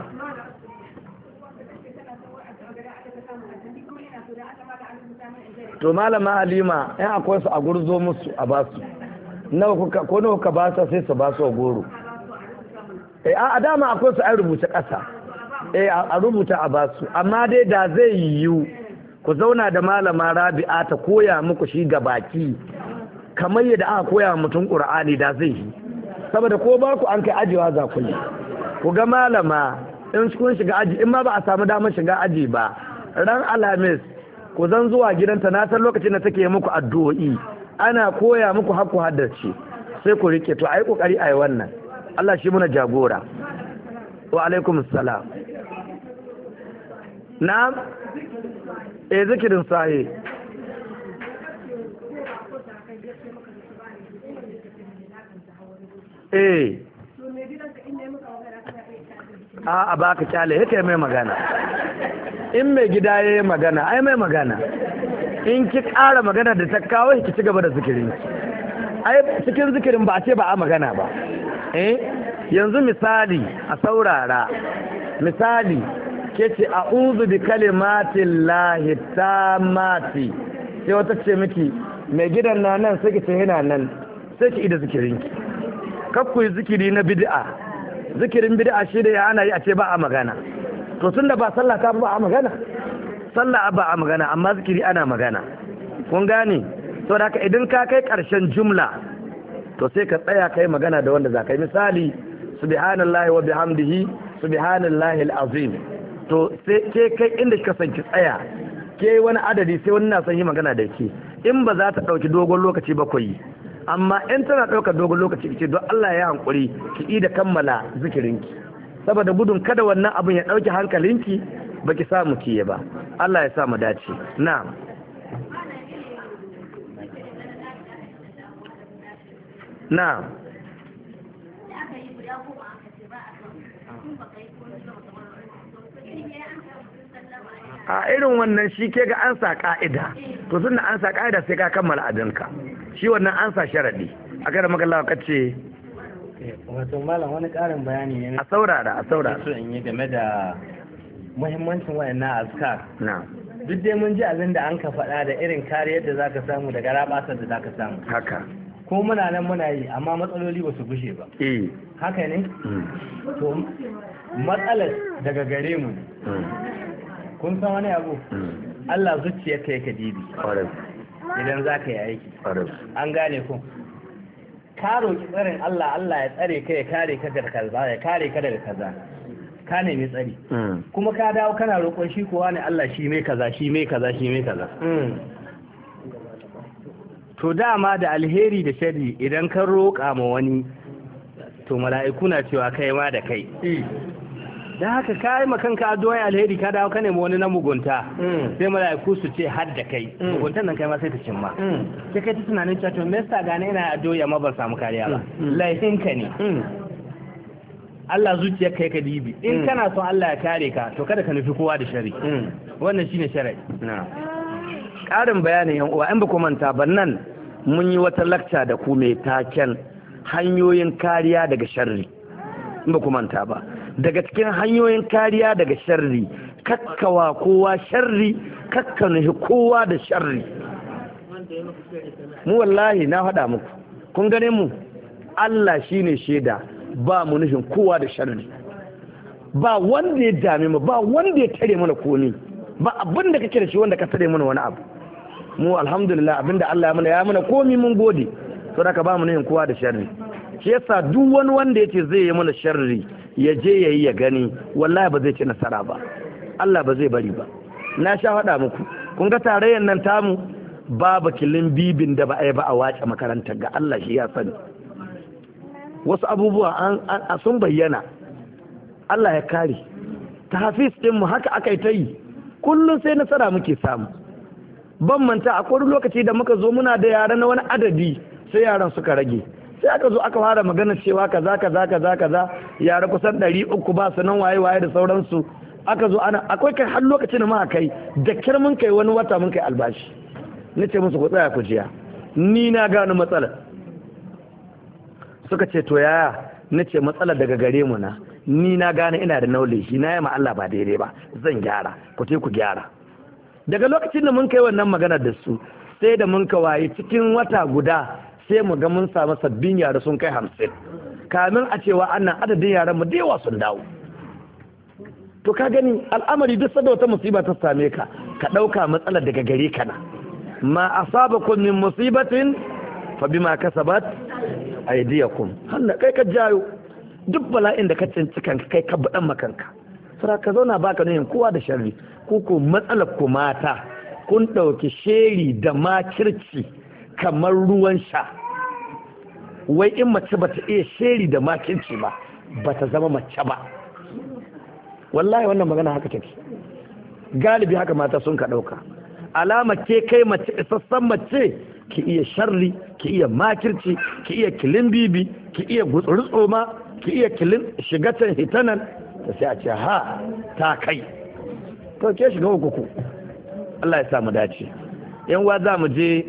to malama alima yan akwai su a gurzo musu a basu nawa ko nawa ka basa sai su basu a goro eh a dama akwai su an rubuta ƙasa eh a rubuta a basu amma dai da zai yiwu ku zauna da malama rabi'a ta koya muku shi ga baki kamar yadda aka koya mutum Al-Qur'ani da zai yi saboda ko ba ku an kai ajiwa za ku yi ku ga malama in kun shiga aji in ma ba a samu damar shiga aji ba ran alhamis ku zan zuwa gidanta na san lokacin da take muku addu'o'i ana koya muku hakku haddace sai ku rike to ai kokari ai wannan Allah shi muna jagora wa alaikum salam Na, e eh, zikirin sahi eh a ba ka kyale yake mai magana in mai gida ya yi magana ai mai magana in ki ƙara magana da ta kawo ki ci gaba da zikirin ai cikin zikirin ba a ce ba a magana ba eh yanzu misali a saurara misali ke ce a'udhu bi kalimatin lahi tamati sai wata ce miki mai gidan na nan sai ki ce yana nan sai ki ida zikirinki kakku yi zikiri na bid'a zikirin bid'a shi da ya ana yi a ce ba a magana to tun da ba sallah ta ba a magana sallah ba a magana amma zikiri ana magana kun gane saboda haka idan ka kai karshen jumla to sai ka tsaya kai magana da wanda za ka misali subhanallahi wa bihamdihi subhanallahi alazim to sai ke kai inda kika san ki tsaya ke wani adadi sai wani na son yi magana da ke in ba za ta ɗauki dogon lokaci ba koyi amma in tana ɗaukar dogon lokaci ki ce don Allah ya hankuri ki da kammala zikirinki saboda gudun kada wannan abin ya ɗauki hankalinki baki samu kiye ba Allah ya sa mu dace na'am na a irin wannan shi ke ga ansa sa ka'ida to sun na ansa sa ka'ida sai ka kammala adinka shi wannan ansa sharaɗi a kada magallawa ka ce wato malam wani ƙarin bayani ne a saurara a saurara so in yi game da muhimmancin wayannan azkar na duk dai mun ji abin da an ka faɗa da irin kariyar da zaka samu daga rabatar da zaka samu haka ko muna nan muna yi amma matsaloli ba su gushe ba eh. haka ne hmm. to matsalar daga gare mu hmm. kun san wani abu hmm. Allah zuciyar ka yake dibi idan za ka yi aiki an gane ku ka roƙi tsarin Allah Allah ya tsare ka ya kare ka daga kaza ya kare ka daga kaza ka nemi tsari kuma ka dawo kana roƙon shi kowa ne Allah shi mai kaza shi mai kaza shi mai kaza to dama da alheri da shari idan ka roƙa ma wani to mala'iku na cewa kai ma da kai eh. da haka ka yi makanka addu'a alheri ka dawo ka nemi wani na mugunta mm. sai mala'iku su ce har da kai mm. muguntan nan kai ma sai ta cimma mm. sai kai ta tunanin cewa to mesta gane ina addu'a ma ban samu kariya ba laifin ka ne Allah zuciyar kai ka dibi in kana son Allah ya kare ka to kada ka nufi kowa da shari wannan shine shari'a ƙarin bayanin yan uwa in ba ku manta ba nan mun yi wata lakca da ku mai taken hanyoyin kariya daga sharri in ba ku manta ba daga cikin hanyoyin kariya daga sharri kakkawa kowa sharri kakka nuhi kowa da sharri mu wallahi na faɗa muku kun gane mu Allah shi ne shaida ba mu nufin kowa da sharri ba wanda ya dame mu ba wanda ya tare mana komi ba abin da kake da shi wanda ka tare mana wani abu mu alhamdulillah abinda Allah ya mana ya mana komi mun gode to da ka ba mu ne kowa da sharri shi yasa duk wani wanda yace zai yi mana sharri ya je yayi ya gani wallahi ba zai ci nasara ba Allah ba zai bari ba na sha faɗa muku kun ga tarayyan nan tamu babu kilin bibin da ba a yi ba a wace makarantar ga Allah shi ya sani wasu abubuwa an sun bayyana Allah ya kare ta hafiz mu haka aka yi ta yi kullum sai nasara muke samu ban manta a wani lokaci da muka zo muna da yara na wani adadi sai yaran suka rage sai aka zo aka fara magana cewa kaza kaza kaza kaza yara kusan ɗari uku ba su nan waye waye da sauransu aka zo ana akwai kai har lokaci da muka kai da kyar mun kai wani wata mun kai albashi na ce musu ku tsaya ku jiya ni na gano matsalar suka ce to yaya na ce matsalar daga gare mu na ni na gane ina da naule shi na yi ma Allah ba daidai ba zan gyara ku te ku gyara daga lokacin da mun kai wannan magana da su sai da mun kawaye cikin wata guda sai mu ga mun samu sabbin yara sun kai hamsin kamin a cewa annan adadin yaran mu da sun dawo to ka gani al'amari duk sanda wata musiba ta same ka ka ɗauka matsalar daga gare ka na ma asabakum min musibatin fa bima kasabat aydiyakum hanna kai ka jayo duk bala'in da ka canci kanka kai ka badan makanka sara ka zauna baka nuhin kowa da sharri kuku matsalar ku mata kun ɗauki sheri da makirci kamar ruwan sha wai in mace ba ta iya sheri da makirci ba ba ta zama mace ba wallahi wannan magana haka take galibi haka mata sun ka ɗauka alama ke kai mace isassan mace ki iya sharri ki iya makirci ki iya kilin bibi ki iya gutsuri tsoma ki iya kilin shigatan hitanan ta sai a ce ha ta kai to ke shiga hukuku Allah ya samu dace yan wa za mu je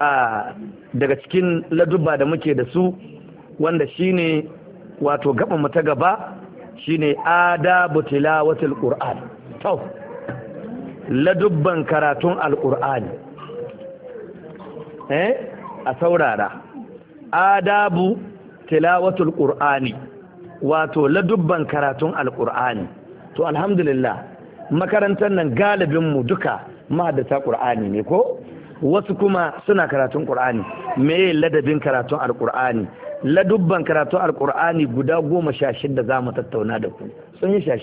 a daga cikin ladubba da muke da su wanda shine wato gaba mu ta gaba shine adabu tilawatul qur'an to ladubban karatun alqur'ani eh a saurara adabu tilawatul qur'ani wato ladubban karatun alqur'ani to alhamdulillah makarantar nan galibin mu duka ma'adata qur'ani ne ko wasu kuma suna karatun qur'ani me ladabin karatun alqur'ani ladubban karatun alqur'ani guda goma sha shidda za mu tattauna da ku sun yi sha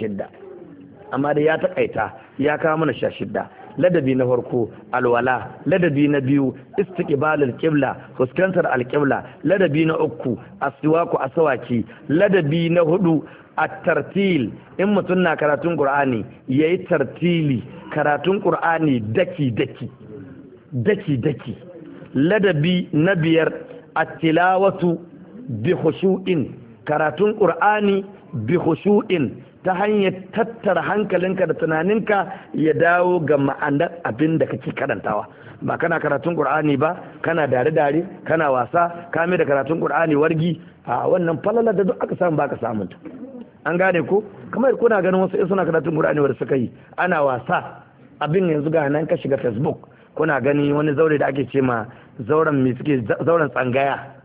amma da ya takaita ya kawo mana sha shidda ladabi na farko alwala ladabi na biyu istiqbalul qibla fuskantar alqibla ladabi na uku aswaku sawaki ladabi na hudu at-tartil in mutum na karatun qur'ani yayi tartili karatun qur'ani daki daki daki daki ladabi na biyar at-tilawatu bi khushu'in karatun qur'ani bi khushu'in ta hanyar tattara hankalinka da tunaninka ya dawo ga ma'anar abin da kake karantawa ba kana karatun qur'ani ba kana dare dare kana wasa ka da karatun qur'ani wargi a wannan falala da duk aka samu ba ka samu ta an gane ko kamar kuna ganin wasu in suna karatun qur'ani wanda suka yi ana wasa abin yanzu ga nan ka shiga facebook kuna gani wani zaure da ake ce ma zauren me suke zauren tsangaya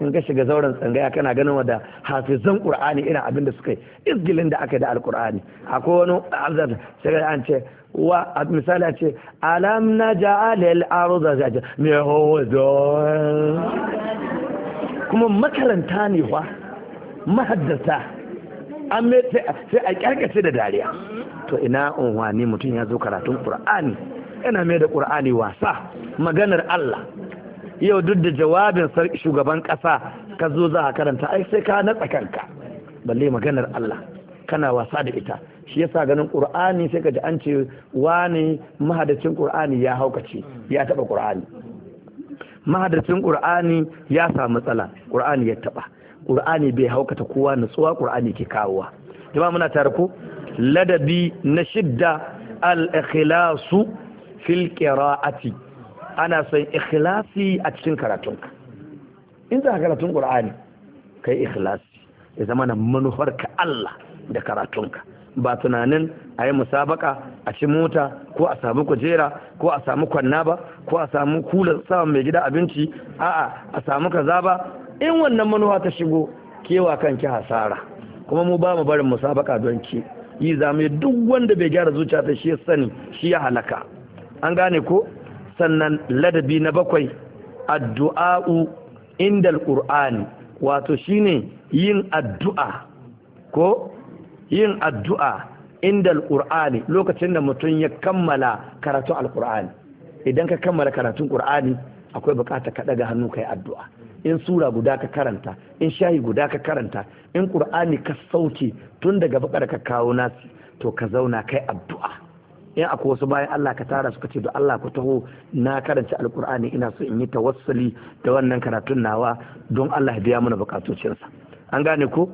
in ka shiga zauren tsangaya kana ganin da hafizan qur'ani irin abin da suka yi izgilin da aka yi da alqur'ani akwai wani azar sai an ce wa misali a ce alam na ja'alil arda zaja me hawazan kuma makaranta ne fa mahaddasa an sai a kyarkace da dariya to ina unwani mutum ya zo karatun qur'ani Ina mai da qur'ani wasa maganar Allah yau duk da jawabin shugaban ƙasa ka zo za a karanta ai sai ka na tsakanka. balle maganar Allah kana wasa da ita shi yasa ganin qur'ani sai ka ji an ce wani mahadacin qur'ani ya haukace ya taba qur'ani mahadacin qur'ani ya samu matsala qur'ani ya taba qur'ani bai haukata kowa nutsuwa qur'ani ke kawowa jama'a muna tare ladabi na shidda al-ikhlasu fil qira'ati ana son ikhlasi a cikin karatunka in za ka karatun qur'ani kai ikhlasi ya zama na ka Allah da karatunka ba tunanin a yi musabaka a ci mota ko a samu kujera ko a samu kwanna ba ko a samu kula sa mai gida abinci a'a a samu kaza ba in wannan manufa ta shigo kewa kan ki hasara kuma mu ba mu barin musabaka don ki yi zame duk wanda bai gyara zuciya ta shi sani shi ya halaka an gane ko sannan ladabi na bakwai addu'a'u indal al’ur'ani wato shine yin addu'a ko yin addu'a indal al’ur'ani lokacin da mutum ya kammala karatu al’ur'ani idan ka kammala karatun ƙur'ani akwai bukata ka daga hannu kai addu'a in sura guda ka karanta in shayi guda ka karanta in ƙur'ani ka sauke tun daga bakar ka kawo nasi to ka zauna kai addu'a in akwai wasu bayan Allah ka tara suka ce da Allah ku taho na karanci alkur'ani ina so in yi tawassuli da wannan karatun nawa don Allah ya biya mana bukatocinsa an gane ko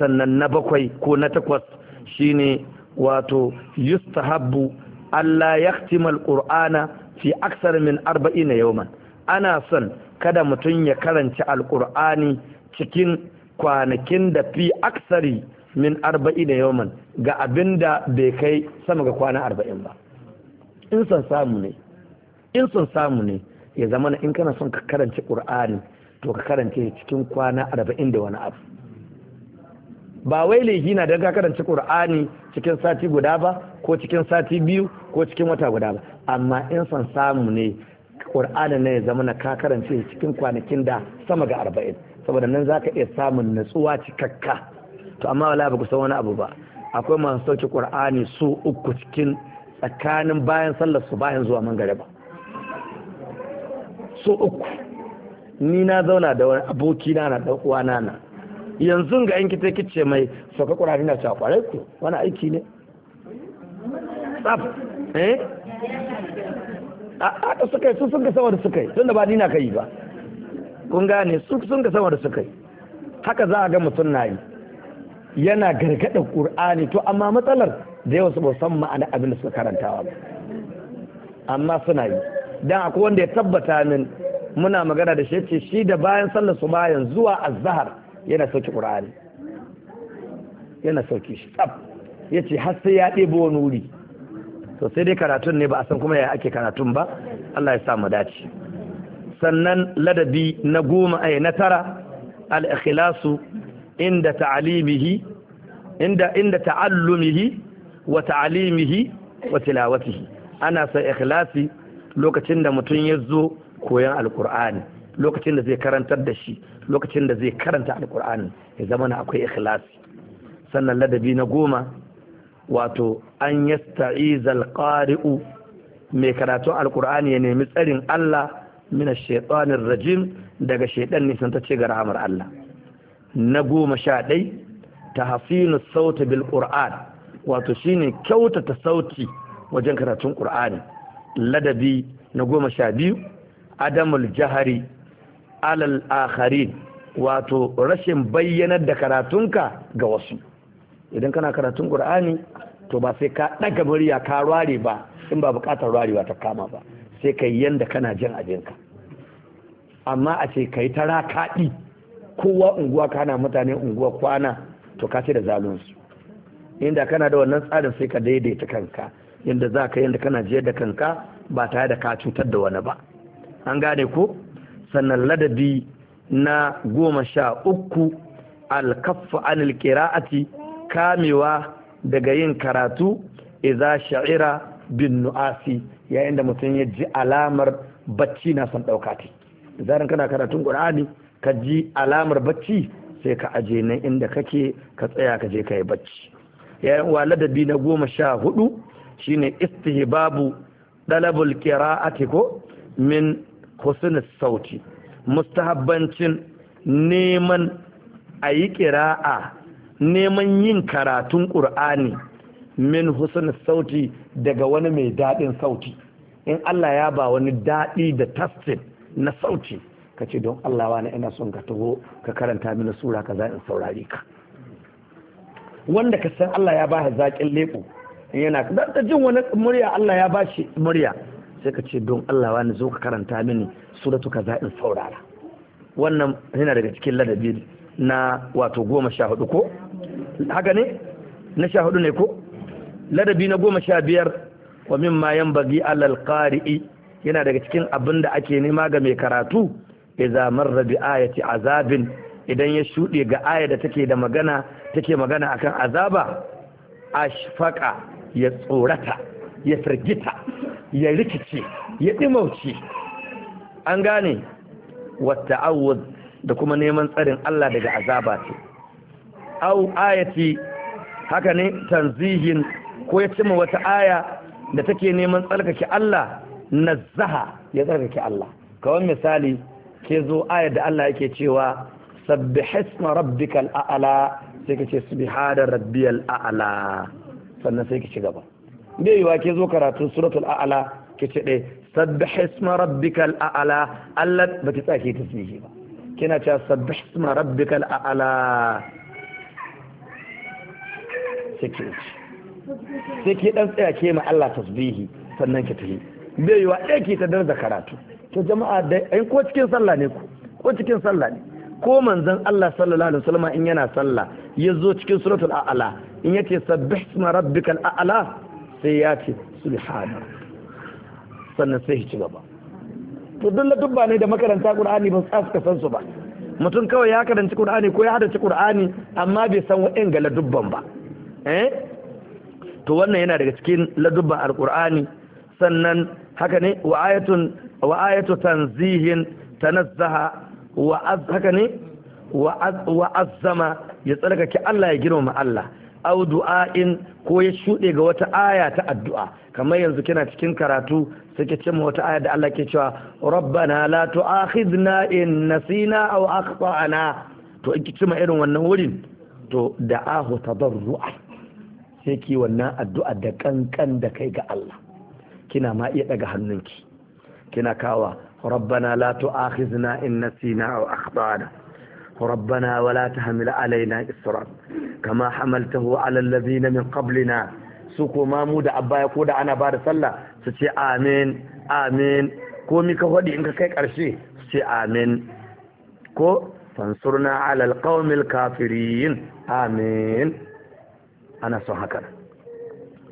sannan na bakwai ko na takwas shine wato yustahabbu Allah ya yaktima alqur'ana fi aksar min arba'ina yawman ana son kada mutum ya karanci alqur'ani cikin kwanakin da fi aksari min arba'ina yawman ga abin da bai kai sama ga kwana arba'in ba in son samu ne in son samu ne ya zama na in kana son ka karanci ƙur'ani to ka karanci cikin kwana arba'in da wani abu ba wai laifi na don ka karanci ƙur'ani cikin sati guda ba ko cikin sati biyu ko cikin wata guda ba amma in son samu ne ƙur'ani na ya zama na ka karanci cikin kwanakin da sama ga arba'in saboda nan za ka iya samun natsuwa cikakka to amma wala ba ku san wani abu ba akwai masu sauke qur'ani su uku cikin tsakanin bayan sallar su bayan zuwa mangariba su uku ni na zauna da wani aboki na na dan uwana na yanzu ga yanki ta kice mai sauka ƙur'ani na cewa ƙwarai ku wani aiki ne tsaf eh a da suka yi su sun ga sama da suka yi tun da ba ni na kai ba kun gane su sun ga sama da suka yi haka za a ga mutum na yi yana gargaɗa ƙur'ani to amma matsalar da yawa su san ma'ana abin da suka karantawa ba amma suna yi dan akwai wanda ya tabbata min muna magana da shi ce shi da bayan sallar su bayan zuwa azhar yana sauki ƙur'ani yana sauki shi tsaf ya ce har sai ya ɗebo wani wuri to sai dai karatun ne ba a san kuma yaya ake karatun ba Allah ya sa mu dace sannan ladabi na goma ai eh, na tara al-ikhlasu inda ta'alimihi inda inda ta'allumihi wa ta'alimihi wa tilawatihi ana sa ikhlasi lokacin da mutum ya zo koyan alkur'ani lokacin da zai karantar da shi lokacin da zai karanta alkur'ani ya zama na akwai ikhlasi sannan ladabi na goma wato an yasta'izal qari'u mai karatun alkur'ani ya nemi tsarin Allah mina shaitanir rajim daga shaitan nisan ta ce ga rahmar Allah na goma sha ɗai ta hafinu sauta bil ƙur'an wato shine kyautata sauti wajen karatun ƙur'ani ladabi na goma sha biyu adamul jahari alal akharin wato rashin bayyanar da karatunka ga wasu idan kana karatun ƙur'ani to ba sai ka ɗaga murya ka ware ba in ba buƙatar warewa ta kama ba sai ka yi yanda kana jin abinka amma a ce ka yi ta rakaɗi kowa unguwa kana mutane unguwa kwana to ka ce da zalunsu inda kana da wannan tsarin sai ka daidaita kanka inda za ka yadda kana jiyar da kanka ba tare da ka cutar da wani ba an gane ko sannan ladabi na goma sha uku alkaffa anil kiraati kamewa daga yin karatu iza, sha'ira bin nu'asi yayin da mutum ya ji alamar bacci na son ɗauka ta kana karatun ƙur'ani ka ji alamar bacci sai ka aje nan inda kake ka tsaya ka je ka yi bacci yayin wa ladabi na goma sha hudu shine istihbabu dalabul qira'ati ko min husnus sauti mustahabbancin neman a yi ƙira'a neman yin karatun ƙur'ani min husnul sauti daga wani mai daɗin sauti in Allah ya ba wani daɗi da tastin na sauti ka ce don Allah wani ina son ka taho ka karanta mini sura ka in saurari ka wanda ka san Allah ya ba ha zaƙin leɓo yana ka ta jin wani murya Allah ya ba shi murya sai ka ce don Allah wani zo ka karanta mini suratu za in saurara wannan yana daga cikin ladabi na wato goma sha hudu ko haka ne na sha hudu ne ko ladabi na goma sha biyar wa mimma yan bagi alal qari'i yana daga cikin abin da ake nema ga mai karatu idza marra bi ayati azabin idan ya shuɗe ga aya da take da magana take magana akan azaba ashfaqa ya tsorata ya firgita ya rikice ya dimauci an gane wata awud da kuma neman tsarin Allah daga azaba ce au ayati haka ne tanzihin ko ya cima wata aya da take neman tsarkake Allah nazaha ya tsarkake Allah kawai misali ke zo ayar da Allah yake cewa sabbihisma rabbikal a'la sai kace subhana rabbiyal a'la sannan sai kace gaba me yiwa ke zo karatu suratul a'la kace dai sabbihisma rabbikal a'la Allah baki tsaki tasbihi ba kina cewa sabbihisma rabbikal a'la sai ki sai ki dan tsaya ke ma Allah tasbihi sannan ki tafi me yiwa dai ki ta darda karatu to jama'a da ai ko cikin sallah ne ku ko cikin sallah ne ko manzon Allah sallallahu alaihi wasallam in yana sallah ya zo cikin suratul a'la in yake sabbih rabbikal a'la sai ya ce subhana sannan sai ya ci gaba to dalla dubba ne da makaranta qur'ani ba su ka san su ba mutum kawai ya karanci qur'ani ko ya hadace qur'ani amma bai san wa'in ga ladubban ba eh to wannan yana daga cikin ladubban alqur'ani sannan haka ne wa ayatun wa ayatu tanzihin tanazzaha wa az haka ne wa az wa azzama ya tsarkake Allah ya girmama Allah au du'a'in ko ya shuɗe ga wata aya ta addu'a kamar yanzu kina cikin karatu suke ce mu wata aya da Allah ke cewa rabbana la tu'akhidna in nasina aw akhtana to in kici irin wannan wurin to da'ahu tadarru'a sai ki wannan addu'a da kankan da kai ga Allah kina ma iya daga hannunki kina kawa rabbana la tu'akhizna in nasina aw akhtana rabbana wa la tahmil alayna isran kama hamaltahu ala alladhina min qablina su ko ma mu da abba ko da ana bada sallah su ce amin ko mi ka hodi in ka kai karshe su ce amin ko fansurna ala alqawmil kafirin amin ana so haka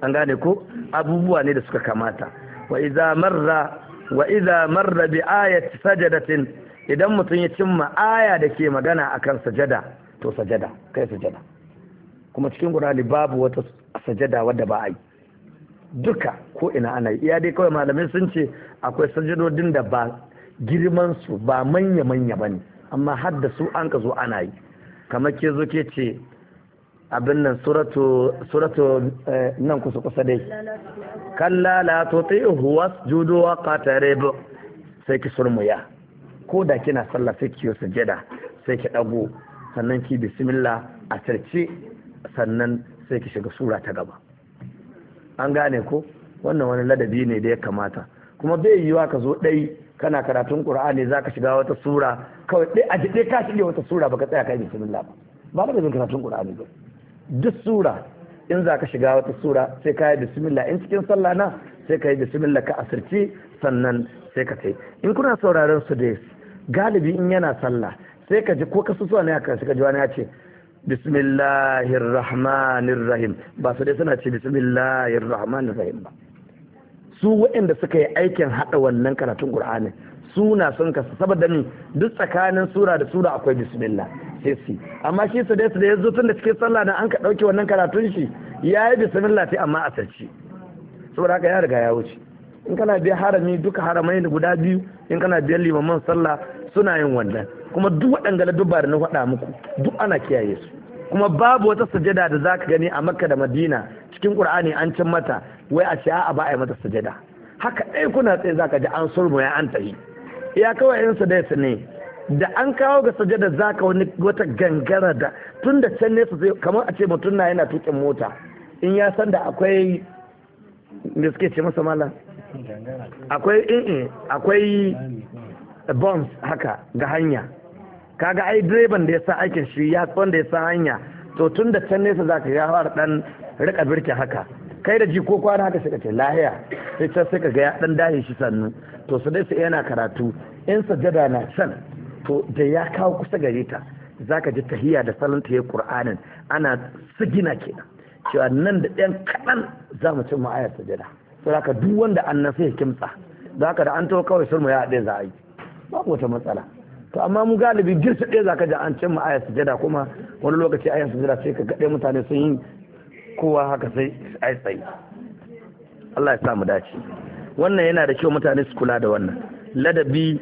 an gane ko abubuwa ne da suka kamata wa idza marra wa idza marra bi ayati sajadatin idan mutum ya cimma aya da ke magana akan sajada to sajada kai sajada kuma cikin Qur'ani babu wata sajada wadda ba a yi duka ko ina ana yi iya dai kawai malamai sun ce akwai sajadodin da ba girman su ba manya manya bane amma har da su an ka zo ana yi kamar ke zo ke ce abin nan suratu eh, nan kusa kusa dai kalla la tuti'hu wasjudu wa qatarib sai ki surmuya ko da kina sallah sai ki sujada sai ki dago sannan ki bismillah a tarce sannan sai ki shiga sura ta gaba an gane ko wannan wani ladabi ne da ya kamata kuma bai yiwa ka zo dai kana karatun qur'ani zaka shiga wata sura kawai dai a jide ka shiga wata sura baka tsaya kai bismillah ba ba da karatun qur'ani ba duk sura in za ka shiga wata sura sai ka yi bismillah in cikin sallah na sai ka yi bismillah ka asirci sannan sai ka kai in kuna sauraron su dai galibi in yana sallah sai ka ji ko ka suwa ne ka shiga jiwa ne ya ce bismillahir rahmanir rahim ba su dai suna ce bismillahir rahmanir rahim ba su waɗanda suka yi aikin haɗa wannan karatun qur'ani suna sun kasa saboda ni duk tsakanin sura da sura akwai bismillah sai su amma shi su dai su da yazo tun da cikin sallah da an ka dauke wannan karatun shi yayi bismillah sai amma a sace saboda haka ya riga ya wuce in kana biya harami duka haramai da guda biyu in kana biyan limaman sallah suna yin wannan kuma duk waɗanda dubba da na faɗa muku duk ana kiyaye su kuma babu wata sujada da zaka gani a makka da madina cikin qur'ani an cin mata wai a ce a ba a yi mata sujada haka ɗaya kuna tsaye zaka ji an surmu ya an tahi iya kawai yin su ne da an kawo ga sajada zaka wani wata gangara da tun da can nesa zai kamar a ce mutum na yana tukin mota in ya san da akwai da suke ce masa malam akwai in eh, eh, akwai bombs haka ga hanya kaga ai direban da ya sa aikin shi ya wanda ya sa hanya to tun da can nesa zaka ya fara dan rika birkin haka kai da ji ko kwana haka sai ka ce lahiya sai can sai ka ga ya dan dahe shi sannu to su dai su yana karatu in sajada na can to da ya kawo kusa gare ta ka ji tahiya da salon ta Qur'anin ana sigina kenan cewa nan da ɗan kaɗan za mu cin ma'ayar sajada to haka duk wanda an nasa ya kimtsa za ka da an tawo kawai sun mu ya ɗaya za a yi babu wata matsala to amma mu galibi girsa ɗaya za ka ji an cin ma'ayar sajada kuma wani lokaci ayar sajada sai ka gaɗe mutane sun yi kowa haka sai ai tsaye Allah ya sa mu dace wannan yana da kyau mutane su kula da wannan ladabi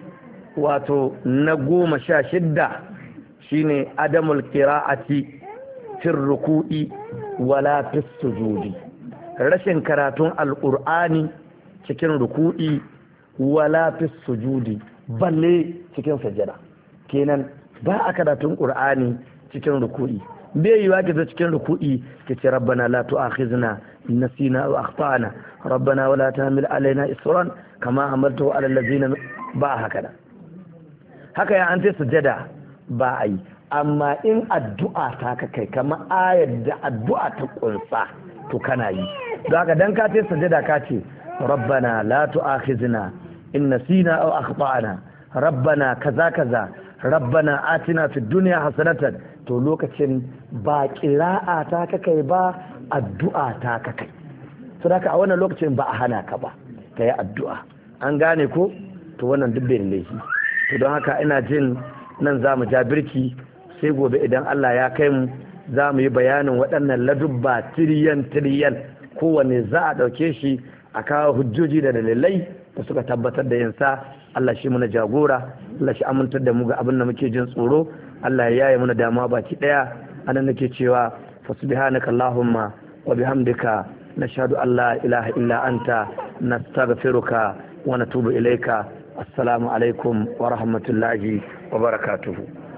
wato na goma sha shidda shine adamul qira'ati cin ruku'i wala fi rashin karatun al’ur'ani cikin ruku'i wala fi sujudi balle cikin sajjada kenan ba a karatun ƙur'ani cikin ruku'i bai yi ki cikin ruku'i ki ce rabbana la tu'akhizna nasina aw akhtana rabbana wala tahmil alaina isran kama hamaltahu ala allazina ba haka da. haka ya an ce sujada ba a yi amma in addu'a ta ka kai kama ayar da addu'a ta kunsa to kana yi don haka dan ka ce sujada ka ce rabbana la tu'akhizna in nasina aw akhtana rabbana kaza kaza rabbana atina fid dunya hasanatan to lokacin ba qira'a ta ka kai ba addu'a ta ka kai to haka a wannan lokacin ba a hana ka ba kai addu'a an gane ko to wannan duk bai laifi to don haka ina jin nan za mu ja birki sai gobe idan Allah ya kai mu za mu yi bayanin waɗannan ladubba tiriyan tiriyan kowanne za a ɗauke shi a kawo hujjoji da dalilai da suka tabbatar da yansa Allah shi muna jagora Allah shi amintar da mu ga abin da muke jin tsoro Allah ya yi muna damuwa baki ɗaya anan nake cewa fasbihanaka Allahumma wa bihamdika nashhadu an la ilaha illa anta nastaghfiruka wa natubu ilaika assalamu alaikum wa rahmatullahi wa barakatuhu